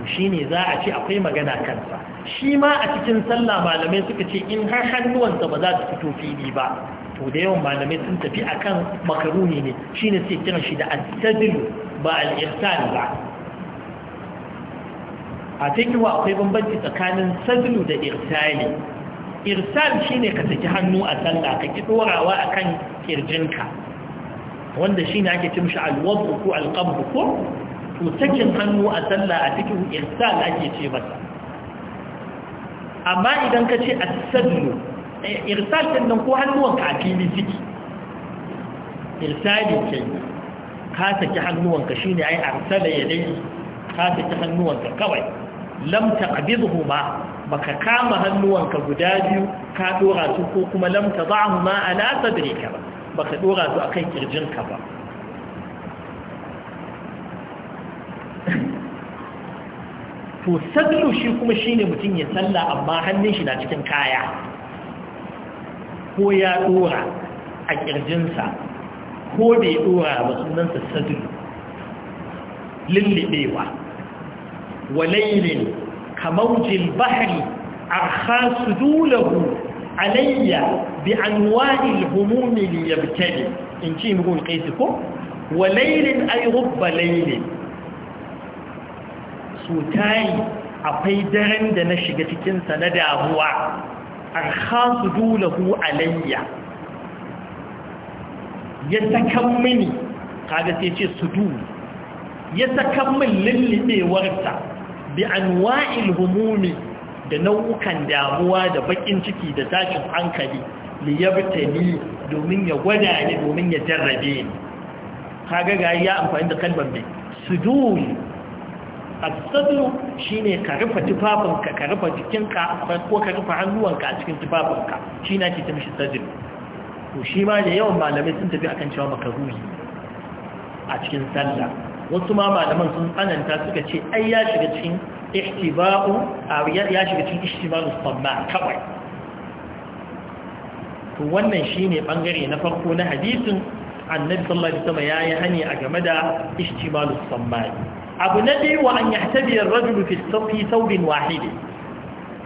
to shine za a ce akwai magana kansa shi ma a cikin sallah malamai suka ce in har hannuwansa ba za su fito fili ba to da yawan malamai sun tafi akan makaruni ne shine sai kiran shi da al-tadlu ba al-ihsan ba a cikin akwai bambanci tsakanin sadlu da irsali irsal shine ka saki hannu a sallah ka ki dorawa akan kirjinka wanda shine ake cimshi al-wadhu ko al ko to sakin hannu a sallah a cikin irsal ake ce masa amma idan ka ce as-sallu eh, irsal din nan ko hannuwanka a fili ciki irsali ce ka saki hannuwanka shine ai arsala yadai ka saki hannuwanka kawai lam taqbidhuma baka kama hannuwanka guda biyu ka dora su ko kuma lam tadahuma ala sadrika ba baka dora su akan kirjinka ba to sallu shi kuma shine mutum ya salla amma hannun shi na cikin kaya ko ya dora a ƙirjinsa, ko bai dora ba sunansa sallu lillibewa walailin kamaujil bahri arkha sudulahu alayya bi anwa'il humumi liyabtali in ci mu ko walailin ay rubba lailin Sutayi akwai daren da na shiga cikinsa na damuwa an khasu dulahu alayya ya sakan mini kaga sai ce sudu ya sakan min lullubewarsa bi wa'il humumi da nau'ukan damuwa da bakin ciki da tashin hankali li yabtani domin ya gwada ni domin ya jarrabe ni kaga ga ya amfani da kalmar su sudul Asadu shi ne ka rufe tufafinka ka rufe jikinka ko ka rufe hannuwanka a cikin tufafinka shi na ke ta mishi sadru to shi ma da yawan malamai sun tafi akan cewa makaruhi a cikin sallah wasu ma malaman sun tsananta suka ce ai ya shiga cikin ihtiba'u ya shiga cikin ishtimalus samma kawai to wannan shi ne bangare na farko na hadisin annabi sallallahu alaihi wasallam yi hani a game da ishtimalus samma abu na biyu wa an yahtabi ar-rajul fi sawfi thawbin wahid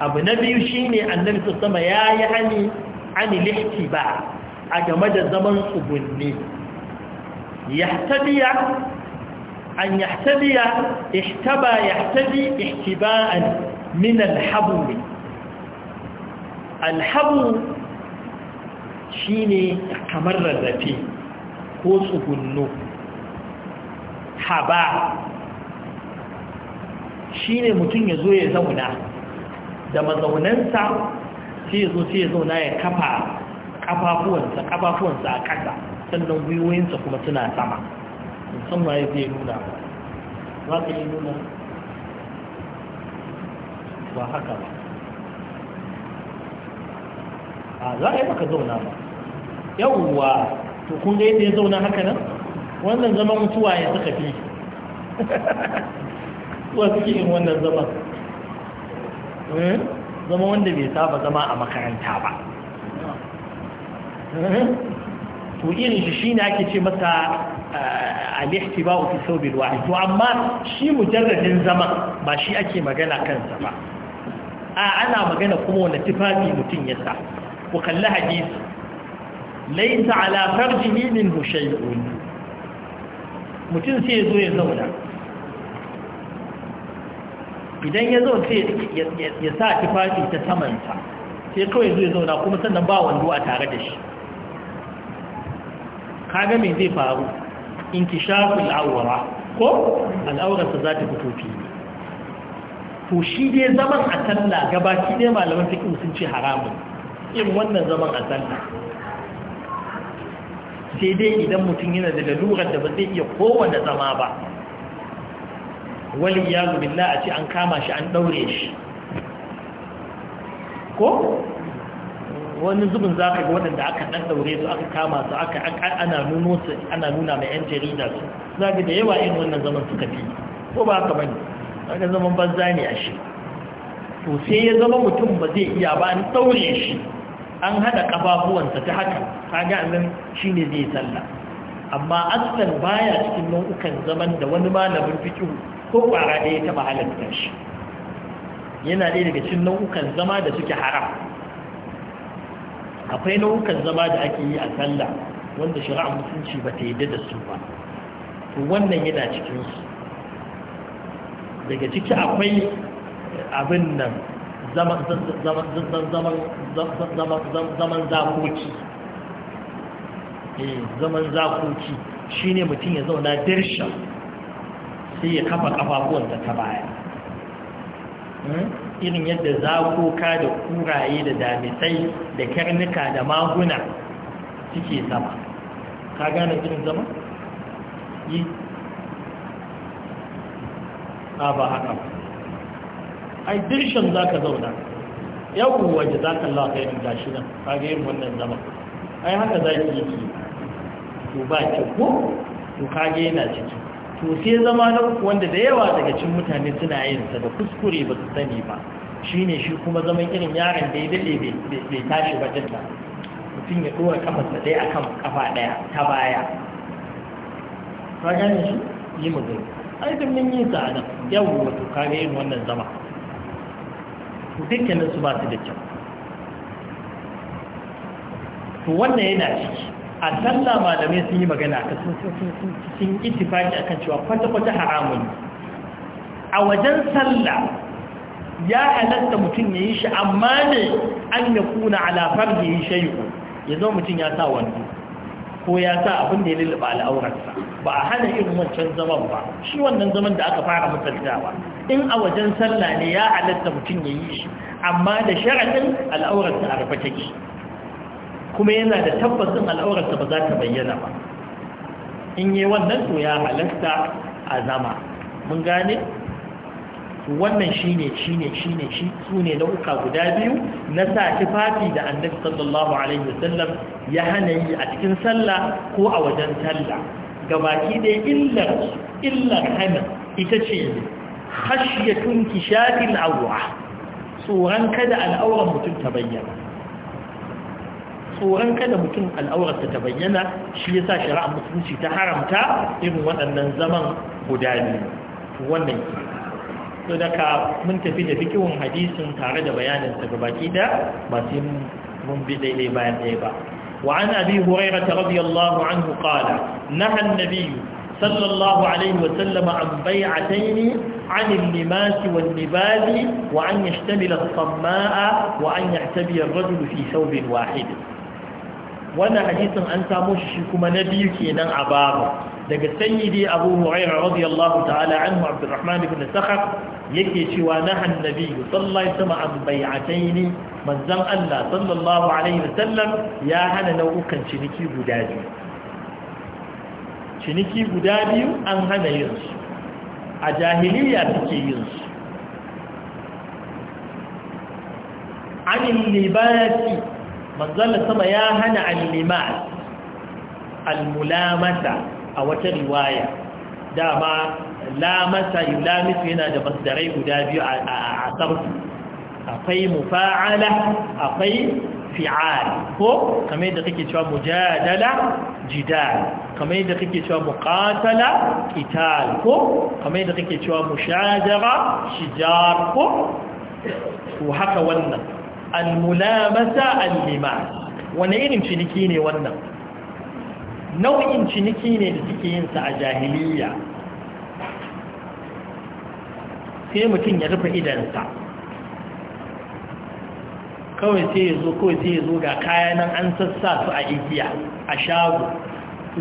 abu na biyu shine annabi sallama yayi hani ani lihtiba a game da zaman tsugunni yahtabiya an yahtabiya ihtaba yahtabi ihtiba'an min al-habl al-habl shine kamar rarrafe ko tsugunno haba Shi ne mutum ya zo ya zauna da mazaunansa sai ya zo sai ya zauna ya kafa kafafuwansa kafafuwansa a ƙasa sannan gwiwoyinsa kuma suna sama musamman ya zai nuna ba ka yi nuna ba haka ba a za a yi maka zauna ba yawuwa to kun ga yadda ya zauna haka nan wannan zaman mutuwa ya suka fi suwa suke yin wannan zaman eh? zama wanda bai saba zama a makaranta ba eh? to irin shi shine ake ce masa eh, al ba fi thawbil wahid to amma shi mujarradin zama ba shi ake magana kansa ba a ana magana kuma wanda tufafi mutum ya sa ku kalli hadisi laisa ala farjihi minhu shay'un mutum sai ya zo ya zauna idan ya zo ya sa tufafi ta samanta sai kawai zai zauna kuma sannan ba wando a tare da shi kaga mai zai faru in ki shafi awwara ko al'aurarsa za ta fito fili to shi dai zaman a gaba ki dai malaman fiqh sun ce haramun in wannan zaman a talla. sai dai idan mutum yana da lalurar da ba zai iya kowane zama ba Wani iyazu billah a ce an kama shi an daure shi ko wani zubin za ka ga waɗanda aka ɗan ɗaure su aka kama su aka ana ana nuna mai 'yan jarida su za ka da yawa yin wannan zaman suka fi ko ba ka bani wani zaman banza ne a shi to sai ya zama mutum ba zai iya ba an ɗaure shi an haɗa ƙafafuwansa ta haka ta ga nan shi ne zai sallah amma asalin baya cikin nau'ukan zaman da wani malamin fikihu ko ƙwara ɗaya ta mahalarta shi yana ɗaya daga cikin nau'ukan zama da suke haram akwai nau'ukan zama da ake yi a sallah wanda shari'a mutunci ba ta yadda da su ba to wannan yana cikinsu daga ciki akwai abin nan zaman zakoki zaman zakoki eh, shine mutum ya zauna dirshan sai ya kafa kafafuwansa ta baya hmm? irin yadda zakoka da kuraye da damisai da karnuka da maguna suke zama ka gane irin zama? yi a ba haka ai dirshin za ka zauna yawon waje za ka lafa yin gashi nan ka ga yin wannan zama ai haka za ki yi ki to ba ki ko ka ga yana ciki to sai zama na uku wanda da yawa daga cin mutane suna yin sa da kuskure ba su sani ba shine shi kuma zaman irin yaron da ya dade bai tashi ba dinna mutum ya dora kafarsa dai akan kafa ɗaya ta baya ka gane shi yi mu gani ai duk mun yi sa anan yau wato ka ga yin wannan zama dukkanin su ba su da kyau to wannan yana ciki a sallah malamai sun yi magana ka sun itifaki kan cewa kwata-kwata haramun a wajen sallah ya halatta mutum ya yi shi amma ne an ya kuna alafar da yi shayu ya zo mutum ya sa wani ko ya sa abin da ya lullaba al'aurarsa ba a hana irin wancan zaman ba shi wannan zaman da aka fara ba in a wajen salla ne ya halatta mutum ya yi shi amma da sharafin al'aurarsa a rufe take kuma yana da tabbasin al'aurarsa ba za ta bayyana ba in yi wannan to ya halasta a zama mun gane wannan shine shine shine shi na nau'uka guda biyu na sa tufafi da annabi sallallahu alaihi wasallam ya hana yi a cikin sallah ko a wajen sallah gabaki da illar illar hana ita ce khashyatun kishatil awwa. tsoron kada al'auran mutum ta bayyana tsoron kada mutum al'aurarsa ta bayyana shi ya sa shari'a musulunci ta haramta irin waɗannan zaman guda biyu wannan ke so daga mun tafi da fikirin hadisin tare da bayanin ta gabaki da ba mun bi daidai bayan ɗaya ba وعن أبي هريرة رضي الله عنه قال نهى النبي صلى الله عليه وسلم عن بيعتين عن اللماس والنبال وأن يشتمل الصماء وأن يحتبي الرجل في ثوب واحد wannan hadisin an samu shi kuma na biyu kenan a babu daga sayyidi abu hurairah radiyallahu ta'ala anhu abdurrahman ibn sakhab yake cewa nahan nabi sallallahu alaihi wasallam an bai'ataini manzon Allah sallallahu alaihi wasallam ya hana nau'ukan ciniki guda biyu ciniki guda biyu an hana yin su a jahiliya suke yin su anil libasi manzala sama ya hana al-limas al-mulamata a wata riwaya dama lamata yulamisu yana da masdarai guda biyu a sarfu akwai mufa'ala akwai fi'al ko kamar yadda kake cewa mujadala jidal kamar yadda kake cewa muqatala qital ko kamar yadda kake cewa mushajara shijar ko ko haka wannan almulamasa alima wani irin ciniki ne wannan nau'in ciniki ne da suke yin sa a jahiliya sai mutum ya rufe idansa kawai sai ya zo kawai sai ya zo ga kayanan an sassa su a igiya a shago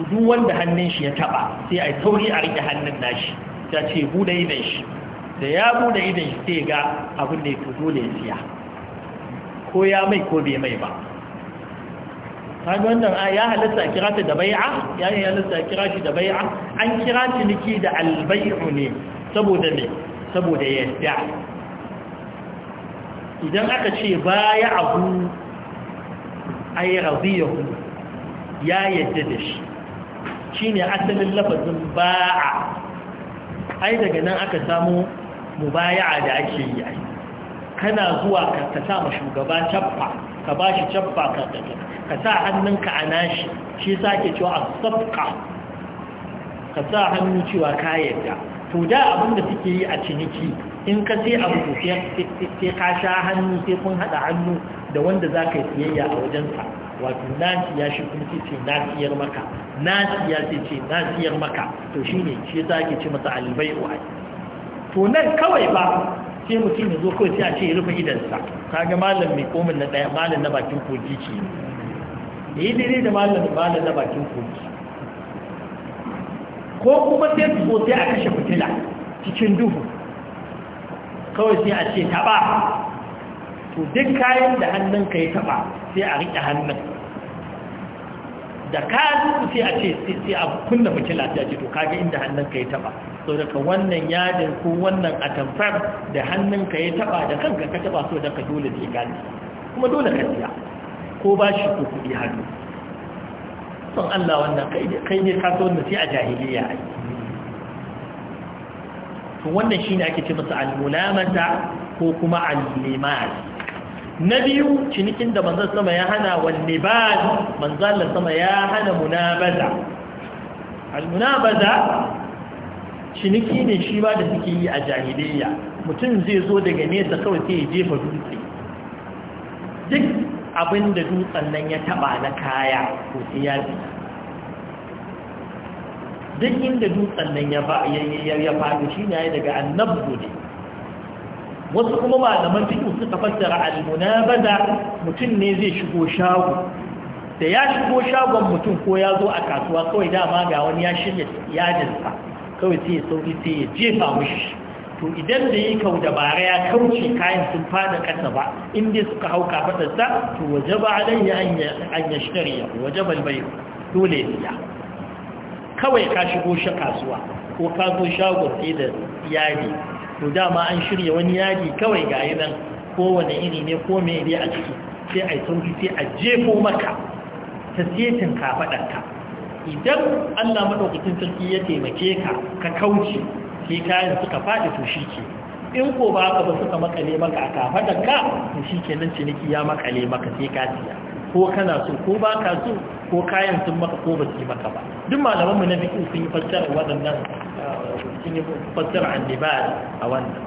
du wanda hannun shi ya taba sai a tauri a rike hannun nashi ta ce bude idan shi da ya bude idan shi sai ga abin da ya fito dole ya siya ko ya mai ko bai mai ba kaga wannan ya halatta a kira ta da bai'a ya yi a kira shi da bai'a an kira ciniki da albai'u ne saboda me saboda yadda idan aka ce baya abu ay radiyahu ya yadda da shi shine asalin lafazin ba'a ai daga nan aka samu mubaya'a da ake yi kana zuwa ka sa ma shugaba cappa ka ba shi cappa ka sa hannunka a nashi shi sake cewa a sabka ka sa hannu cewa ka yadda to da abin da suke yi a ciniki in ka sai abu sai ka sha hannu sai kun haɗa hannu da wanda za ka yi siyayya a wajensa wato nasi ya shi kuma ce ce nasiyar maka nasi ya ce ce nasiyar maka to shi ne shi sa ke ce masa albai to nan kawai ba sai mutum ya zo kawai sai a ce ya rufe idansa ga malam mai komin na ɗaya. malam na bakin kogi ce ne yi daidai da malam malam na bakin kogi ko kuma sai su zo sai a kashe fitila cikin duhu kawai sai a ce taɓa. to duk kayan da hannunka ya taɓa sai a riƙe hannun da ka sai a ce sai a kunna fitila sai a ce to kaga inda hannunka ya taɓa. so daga wannan yadin ko wannan atamfar da hannunka ya taba da kanka ka taba so daga dole da gani kuma dole ka siya ko ba shi ko kuɗi hannu son Allah wannan kai ne ka so nufi a jahiliya ai to wannan shine ake ce masa al-mulamata ko kuma al-limal na biyu cinikin da manzon sama ya hana wal nibal manzon sama ya hana munabaza al-munabaza ciniki ne shi ba da suke yi a jahiliya mutum zai zo daga nesa kawai sai ya jefa dutse duk abin da dutsen nan ya taba na kaya ko sai ya bi duk inda dutsen nan ya faɗo shi ne daga annabu gode wasu kuma malaman fiƙi suka fassara al-munabaza mutum ne zai shigo shago da ya shigo shagon mutum ko ya zo a kasuwa kawai dama ga wani ya shirya yadinsa kawai sai ya sauri sai ya jefa mushi to idan da yi kau da bara ya kauce kayan sun fada kasa ba in inda suka hau kafatarsa to waje ba alai ya an shirya waje balbai dole ya kawai ka shigo shi kasuwa ko ka zo shagon sai da yadi to dama an shirya wani yadi kawai ga yi nan kowane iri ne ko mai dai a ciki sai a yi sai a jefo maka ta setin kafaɗarka idan Allah madaukakin sarki ya taimake ka ka kauce sai kayan suka faɗi to shi ke in ko ba ka ba suka makale maka a kafadar ka to shi ke nan ciniki ya makale maka sai ka siya ko kana so ko ba ka so ko kayan sun maka ko ba su yi maka ba duk malaman mu na biyu sun yi fassara waɗannan ah, sun yi fassara annibal a wannan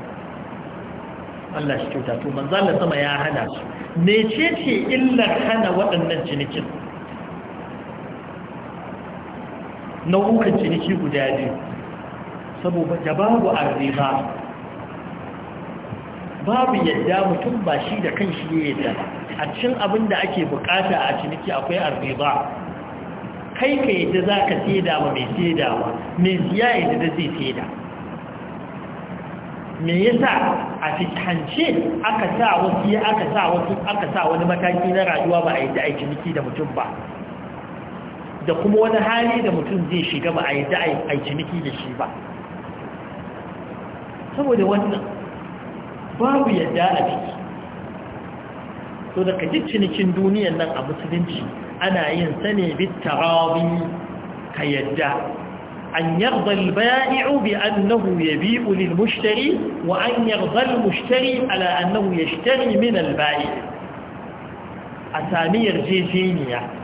Allah shi kyauta to manzo Allah sama ya hana su ce illa hana waɗannan cinikin nau'ukan ciniki guda biyu saboda babu arziba babu yadda mutum ba shi da kan shi ne yadda a cikin abin da ake bukata a ciniki akwai arziba kai ka yadda za ka saida ma mai saida mai siya yadda da zai saida me yasa a fitance aka sa wasu aka aka sa wani mataki na rayuwa ba a yi da a ciniki da mutum ba da kuma wani hali da mutum zai shiga ba a yi da a yi ciniki da shi ba saboda wannan babu yadda a ciki to da kaji cinikin duniyan nan a musulunci ana yin sane bittarabi ka yadda an yarda al-bai'u bi annahu bi lil mushtari wa an yarda al-mushtari ala annahu yashtari min al a sami yarjejeniya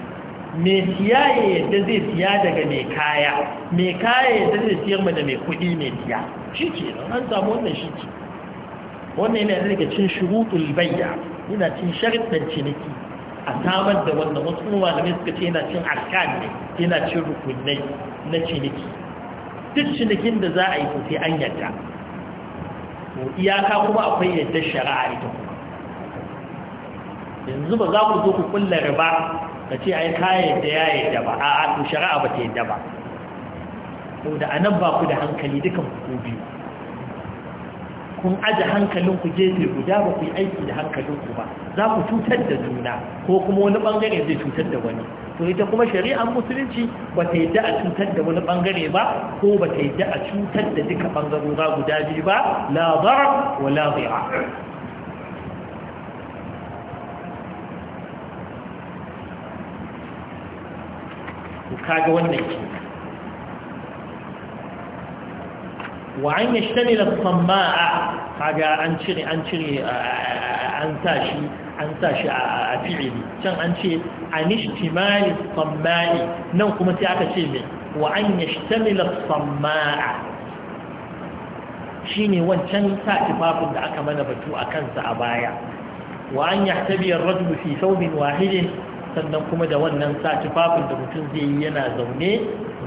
mai siya ya yadda zai siya daga mai kaya mai kaya yadda zai siyar mana mai kuɗi mai siya shi ce, an samu wannan shi ce. wannan yana daga cin shuruɗul bayya yana cin sharuɗan ciniki a samar da wannan wasu kuma malamai suka ce yana cin arkan ne yana cin rukunai na ciniki duk cinikin da za a yi sai an yadda iyaka kuma akwai yadda shari'a ita kuma yanzu ba za ku zo ku kulla riba ka ce ai ka yadda ya yadda ba a a shari'a ba ta yadda ba Ko da anan ba ku da hankali dukan ku biyu kun aje hankalin ku gefe guda ba ku yi aiki da hankalin ku ba za ku cutar da juna ko kuma wani bangare zai cutar da wani to ita kuma shari'ar musulunci ba ta yadda a cutar da wani bangare ba ko ba ta yadda a cutar da duka bangarora guda biyu ba la wa la kaga wannan wa an yashtamil as-samaa kaga an cire an cire an shi an a fi'ili can an ce an ishtimal as nan kuma sai aka ce me wa an yashtamil as-samaa shine wancan sa tufafin da aka mana batu a kansa a baya wa an yahtabi ar-rajulu fi thawbin wahidin sannan kuma da wannan sa tufafin da mutum zai yi yana zaune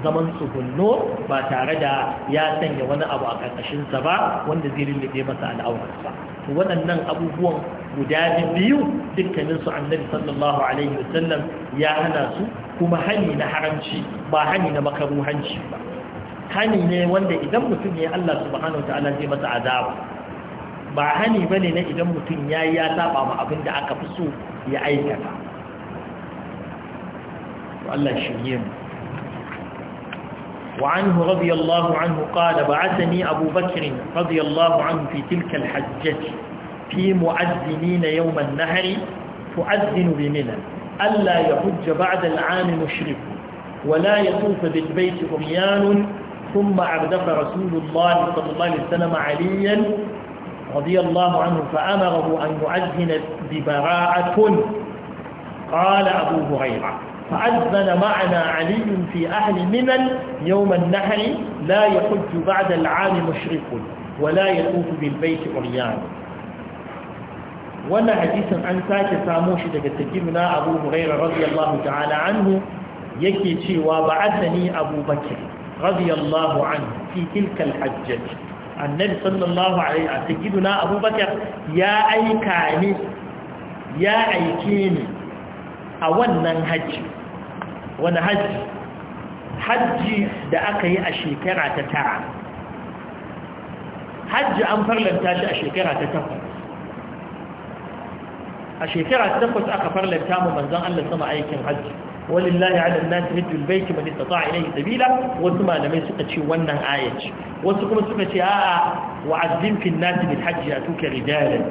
zaman tsugunno ba tare da ya sanya wani abu a ƙarƙashinsa ba wanda zai lullube masa al'aurarsa waɗannan abubuwan guda biyu dukkaninsu annabi sallallahu alaihi wasallam ya hana su kuma hani na haramci ba hani na makaruhanci ba hani ne wanda idan mutum ya Allah subhanahu ta'ala zai masa azaba ba hani bane na idan mutum ya ya saba ma abin da aka fi so ya aikata الله يشريهم وعنه رضي الله عنه قال بعثني أبو بكر رضي الله عنه في تلك الحجة في مؤذنين يوم النهر فأذن بمنى ألا يحج بعد العام مشرك ولا يطوف بالبيت عميان ثم أردف رسول الله صلى الله عليه وسلم عليا رضي الله عنه فأمره أن يؤذن ببراءة قال أبو هريرة فأذن معنا علي في أهل منن يوم النحر لا يحج بعد العام مشرق ولا يطوف بالبيت عريان wannan hadisin an sake samo shi daga tajimna abu huraira radiyallahu ta'ala anhu yake cewa ni abu bakr radiyallahu anhu fi tilka al-hajjaj annabi sallallahu alaihi wa tajiduna abu bakr ya aika ya aike ni a wannan hajji wani hajji hajji da aka yi a shekara ta tara hajji an farlanta shi a shekara ta takwas a shekara ta takwas aka farlanta mu manzon Allah sama aikin hajji walillahi ala nasi hajjul baiti man istata'a ilayhi sabila wasu malamai suka ce wannan aya wasu kuma suka ce a'a wa'azzim fil nasi bil hajji atuka rijalan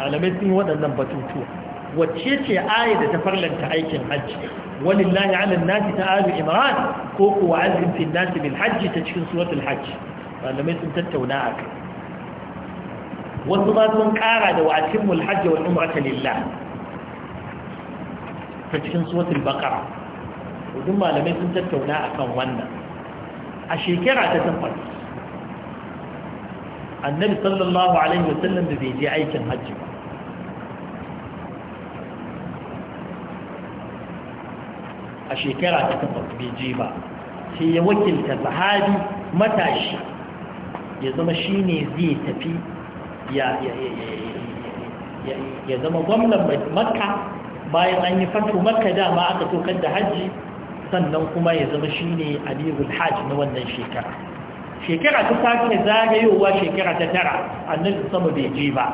malamai sun yi waɗannan batutuwa wacce ce aya da ta farlanta aikin hajji walillahi ala nasi ta alu imran ko kuwa azin fi nasi bil hajji ta cikin suratul hajji malamai sun tattauna a kai wasu ma sun kara da wa'atin mul hajji wal umrata lillah ta cikin suratul baqara duk malamai sun tattauna akan wannan a shekara ta tabbas annabi sallallahu alaihi wasallam da bai je aikin hajji ba a shekara ta takwas bai je ba sai ya wakilta sahabi matashi ya zama shi ne zai tafi ya zama gwamnan makka bayan an yi fatu makka dama aka tokar da hajji sannan kuma ya zama shi ne aliyul hajji na wannan shekara shekara ta sake zagayowa shekara ta tara annan sama bai je ba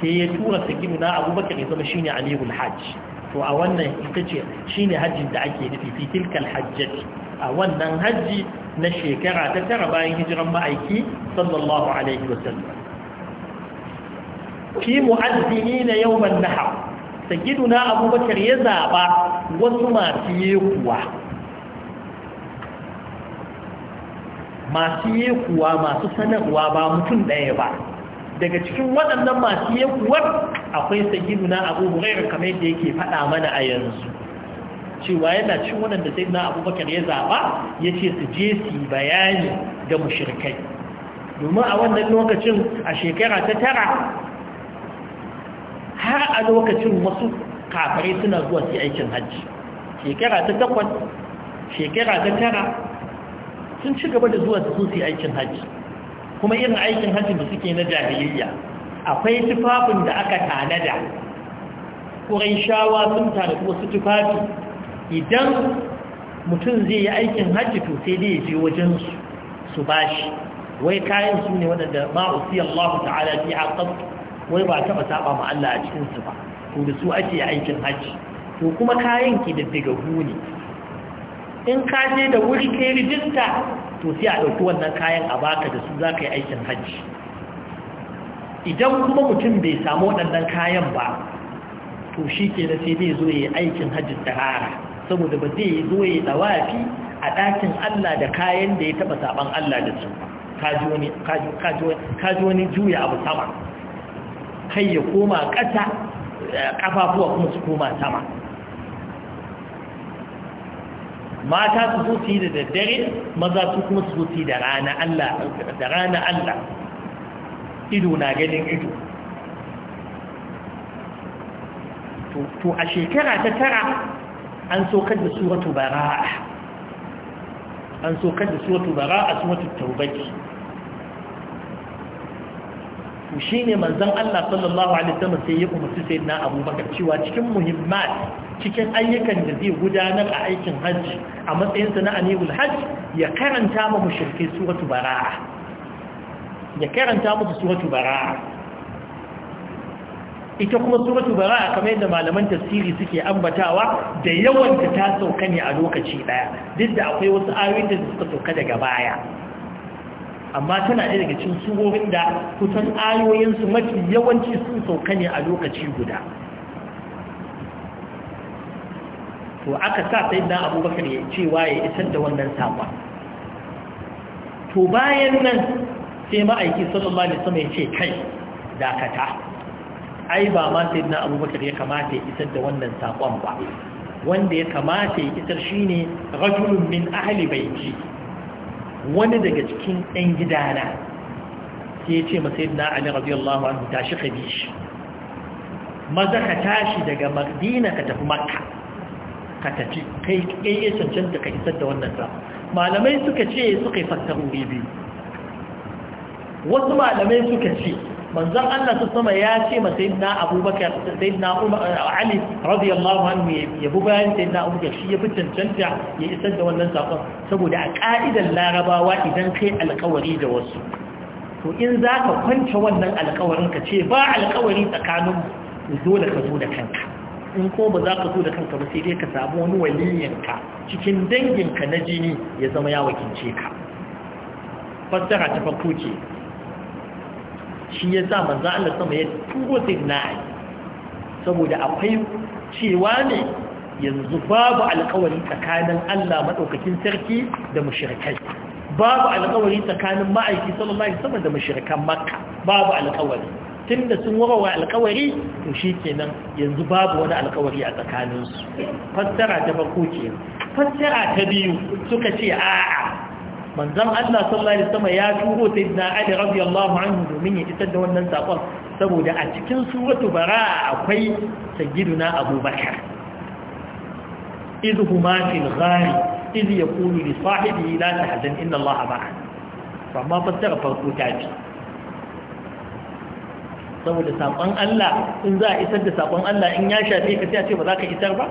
sai ya tura sakinu na abubakar ya zama shi ne aliyul hajji to a wannan ita ce shine hajjin da ake nufi fi tilkal a wannan hajji na shekara ta tara bayan hijiran ma'aiki sallallahu alaihi wasallam fi na yawman nahar sayyiduna abubakar ya zaɓa wasu masu yekuwa masu yekuwa masu sanarwa ba mutum ɗaya ba daga cikin waɗannan masu yakuwar akwai na abu hurairu kamar yadda yake faɗa mana a yanzu cewa yana cikin waɗanda na abubakar ya zaɓa ya ce su je su yi bayani ga mashirkai domin a wannan lokacin a shekara ta tara har a lokacin wasu kafare suna zuwa su aikin hajji shekara ta takwas shekara ta tara sun ci gaba da zuwa su su aikin hajji kuma irin aikin hajji da suke na jahiliya akwai tufafin da aka tanada shawa sun tanada wasu tufafi idan mutum zai yi aikin hajji to sai dai je wajen su bashi wai kayan su ne waɗanda ma'usi Allah ta'ala fi haƙar wai ba taɓa saba ma Allah a cikinsu ba to da su ake aikin hajji to kuma kayan ki da digagu ne in ka je da wuri kai rijista to sai a ɗauki wannan kayan a baka da su za ka yi aikin hajji idan kuma mutum bai samu waɗannan kayan ba to shi ke da sai zai zo ya yi aikin hajji tsirara saboda ba zai zo ya yi tsawafi a ɗakin Allah da kayan da ya taɓa saɓan Allah da su kaji wani juya abu sama kai ya koma ƙasa eh, ƙafafuwa kuma su koma sama mata su zo da daddare maza su kuma su zo da rana Allah da rana Allah ido na ganin ido to a shekara ta tara an sokar da suratu bara'a an sokar da suratu bara'a suratu taubaki shi shine manzon Allah sallallahu alaihi wasallam sai ya umarci na Abubakar cewa cikin muhimman cikin ayyukan da zai gudanar a aikin hajji a matsayin sa na anibul hajj ya karanta ma mushrike suratu baraa ya karanta musu suratu baraa ita kuma suratu baraa kamar yadda malaman tasiri suke ambatawa da yawanta ta sauka ne a lokaci daya duk da akwai wasu ayoyin da suka sauka daga baya amma tana ɗaya daga cin surorin da kusan ayoyinsu mafi yawanci sun sauka ne a lokaci guda to aka sa sai na abubakar ya cewa ya isar da wannan saƙon to bayan nan sai ma'aiki sallallahu alaihi wasallam ya ce kai dakata ai ba ma sai na abubakar ya kamata ya isar da wannan saƙon ba wanda ya kamata ya isar shine rajulun min ahli baiti wani daga cikin ɗan gidana sai ya ce masai na ali radiyallahu anhu tashi ka bi shi maza ka tashi daga madina ka tafi makka ka tafi kai kai cancanta ka isar da wannan sa malamai suka ce suka yi fassarori biyu wasu malamai suka ce manzon Allah su sama ya ce ma na Abubakar sayyidina Umar Ali radiyallahu anhu ya bu bayan na Abubakar shi ya fi cancanta ya isar da wannan sakon saboda a ka'idar Larabawa idan kai alkawari da wasu to in za ka kwanta wannan alkawarin ka ce ba alkawari tsakanin dole ka zo da kanka in ko ba za ka zo da kanka ba sai dai ka samu wani waliyanka cikin danginka na jini ya zama ya wakilce ka fassara ta farko ce shi ya sa manzan Allah sama ya turo signal saboda akwai cewa ne yanzu babu alkawari tsakanin Allah madaukakin sarki da mashirkai babu alkawari tsakanin ma'aiki sallallahu alaihi wasallam da mashirkan Makka babu alƙawari tunda sun warware alkawari to shikenan yanzu babu wani alkawari a tsakaninsu fassara ta farko ce fassara ta biyu suka ce a'a manzon Allah sallallahu alaihi sama ya turo sayyidina Ali radiyallahu anhu domin ya isar da wannan saƙon. saboda a cikin suratu bara akwai sayyiduna Abubakar idh huma fil ghari idh yaqulu li sahibihi la tahzan inna Allah ma'ana amma fassara farko ta ce saboda saƙon Allah in za a isar da sakon Allah in ya shafe ka sai a ce ba za ka isar ba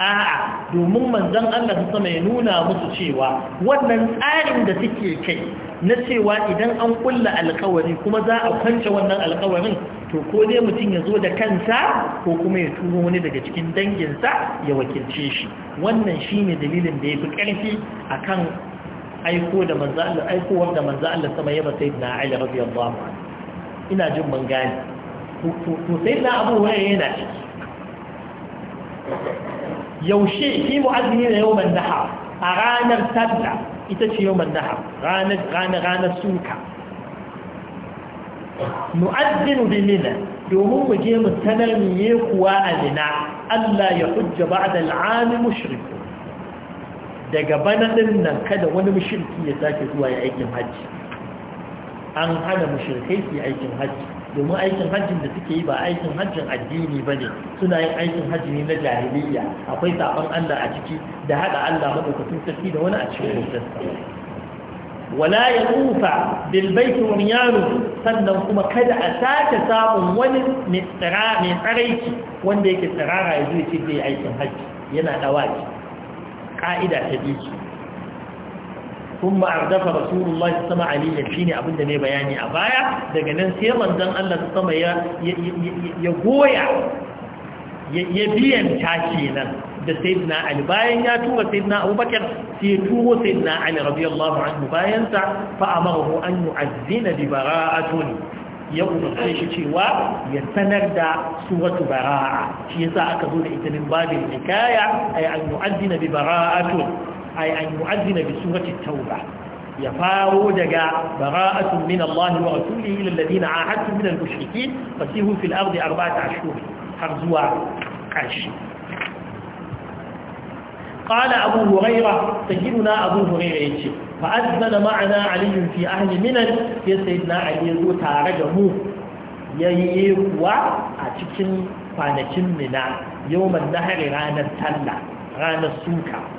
a'a domin manzon Allah sama ya nuna musu cewa wannan tsarin da suke kai na cewa idan an kulla alkawari kuma za a kwance wannan alkawarin to ko dai mutum ya zo da kansa ko kuma ya turo wani daga cikin danginsa ya wakilce shi wannan shine dalilin da ya fi ƙarfi akan aiko da aikowar da manzo Allah sama ya na sayyidina Ali radiyallahu anhu ina jin ban gane na sayyidina Abu Hurairah yana ciki yaushe fi mu'azzini da yawman nahar a ranar Talla ita ce yawman nahar ranar suka mu'azzinu bi domin mu je mu sanar mu ye kuwa a Allah ya hujja ba'da al'am mushrik daga bana din nan kada wani mushriki ya sake zuwa ya aikin hajji an hana mushirkai su aikin hajji domin aikin hajjin da suke yi ba aikin hajjin addini ba ne suna yin aikin hajji ne na jahiliya akwai saɓon Allah a ciki da haɗa Allah maɗaukacin sarki da wani a cikin rufisarsa wala ya tsufa bilbaiti wani yaro sannan kuma kada a sake samun wani mai tsaraici wanda yake tsirara ya zuwa ce zai aikin hajji yana ɗawaci ƙa'ida ta biyu ثم أردف رسول الله السماء baya daga أبدا sai بياني أبايا دقنان سيما دان الله السماء يقويا ta تاشينا da sayyidina Ali bayan ya tura sayyidina Abubakar sai tuwo sayyidina Ali radiyallahu anhu bayan sa fa amarahu an yu'azzina bi bara'atun ya umarce shi cewa ya sanar da suratu bara'a shi yasa aka zo da ita min babin hikaya ay an yu'azzina bi bara'atun ay an yu'azzina bi surati tauba ya faro daga bara'atun min Allah wa na lil ladina ahadtu min al mushrikin fasihu fil ardi arba'ata ashhur har zuwa karshe قال أبو هريرة سيدنا أبو هريرة يتشي فأذن معنا علي في أهل منن يا سيدنا علي يزو تارجمو ييقوى أتكين فانكين منا يوم النهر رانا التلة رانا السوكة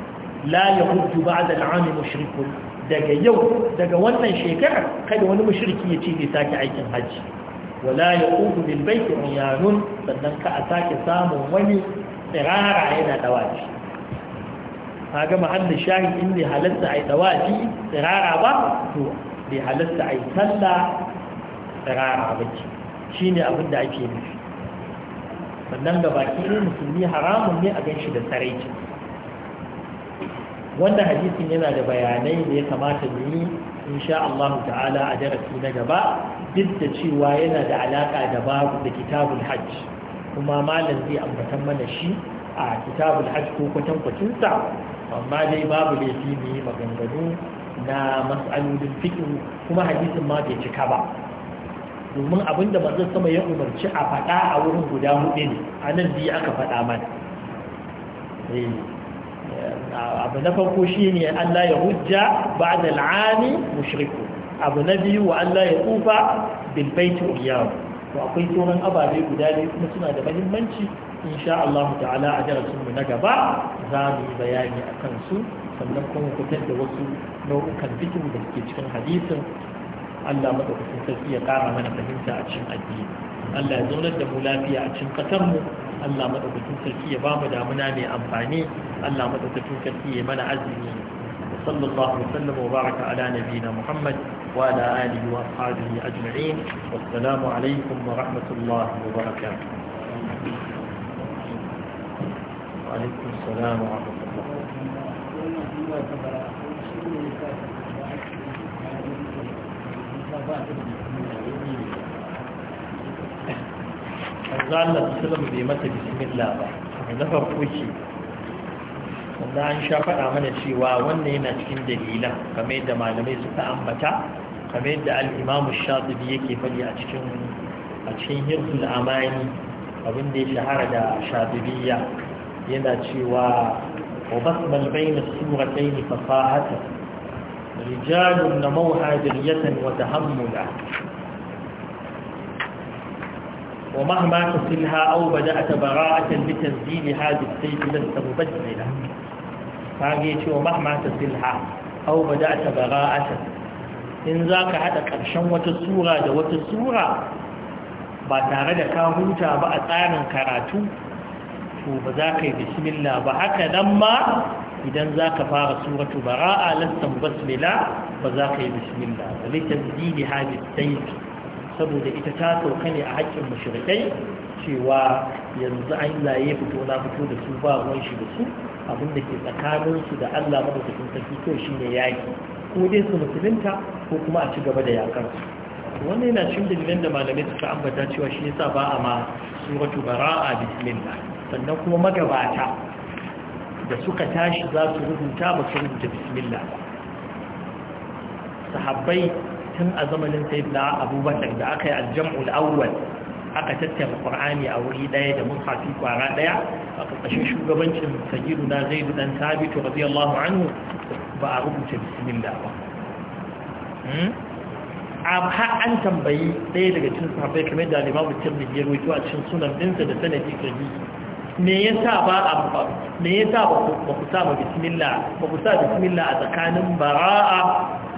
la yahujju da al'ami mushrikun daga yau daga wannan shekarar kada wani mushriki ya ce zai sake aikin hajji wala yaqudu bil bayti unyanun sannan ka a sake samun wani tsirara yana dawaci ga mahallin shahid in bai halatta yi dawaci tsirara ba to bai halatta yi talla, tsirara ba ne abin da ake nufi sannan ga baki ne musulmi haramun ne a ganshi da tsaraici wannan hadisin yana da bayanai da ya kamata mu yi insha Allah ta'ala a darasi na gaba duk da cewa yana da alaka da babu da kitabul hajj kuma malam zai ambata mana shi a kitabul hajj ko kwatankwacin sa amma dai babu laifi mu yi maganganu na mas'alolin fiqh kuma hadisin ma bai cika ba domin abinda manzon sama ya umarci a faɗa a wurin guda hudu ne a nan biyu aka faɗa mana eh. abu na farko shine Allah ya hujja ba'da la'ani mushriku abu na biyu wa Allah ya kufa bil baiti to akwai sauran ababe guda biyu kuma suna da muhimmanci insha Allah ta'ala a darasin mu na gaba za mu yi bayani akan su sannan kuma ku da wasu nau'ukan fikin da suke cikin hadisin Allah madaukakin sarki ya kara mana fahimta a cikin addini Allah ya zaunar da mu lafiya a cikin kasar mu Allah madaukakin sarki ya bamu damuna mai amfani Allah madaukakin sarki ya mana azumi sallallahu alaihi wasallam manzo Allah bai mata bismillah ba na farko shi wanda an sha faɗa mana cewa wannan yana cikin dalilan kamar yadda malamai suka ambata kamar yadda al-Imam yake faɗi a cikin a cikin Hirzul Amani abinda ya shahara da Shatibiyya yana cewa wa basmal bayna suratayn fasahatan rijalun namawha daliyatan wa tahammula ومهما تصلها أو بدأت براءة لتنزيلها بالسيف لست مبدلا فاجيتي ومهما تصلها أو بدأت براءة إن ذاك هذا قرشن وتسورة وتسورة ba tare da ka huta ba a tsarin karatu to ba za ka yi bismillah ba haka nan ma idan za ka fara suratu bara'a lassan basmila ba za ka yi saboda ita ta sauka ne a haƙƙin mashirikai cewa yanzu an laye fito na fito da su ba ruwan shi da su abin da ke tsakaninsu da Allah madaukakin sarki to shi ne yaƙi ko dai su musulunta ko kuma a ci gaba da yaƙar su wannan yana cikin dalilan da malamai suka ambata cewa shi yasa ba a ma suratu bara'a bismillah sannan kuma magabata da suka tashi za su rubuta ba su rubuta bismillah sahabbai tun a zamanin sayyidina abubakar da aka yi aljam'ul awwal aka tattara qur'ani a wuri daya da hafi kwara daya a ƙarƙashin shugabancin sayyiduna zaid dan thabit radiyallahu anhu ba a rubuta bismillah ba hmm? an tambayi ɗaya daga cikin sahabbai kamar da limamu tirmidhi ya rawaito a cikin sunan dinsa da sanadi sahihi me yasa ba a me yasa ba ku sa bismillah ba ku sa bismillah a tsakanin bara'a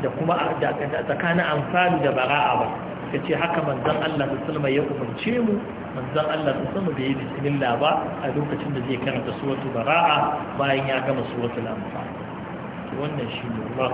da kuma da tsakanin amfani da bara'a ba Ka ce haka manzon Allah sallama ya umarce mu manzon Allah sallama bai bismillah ba a lokacin da zai karanta suratul bara'a bayan ya gama suratul anfal wannan shi ne Allah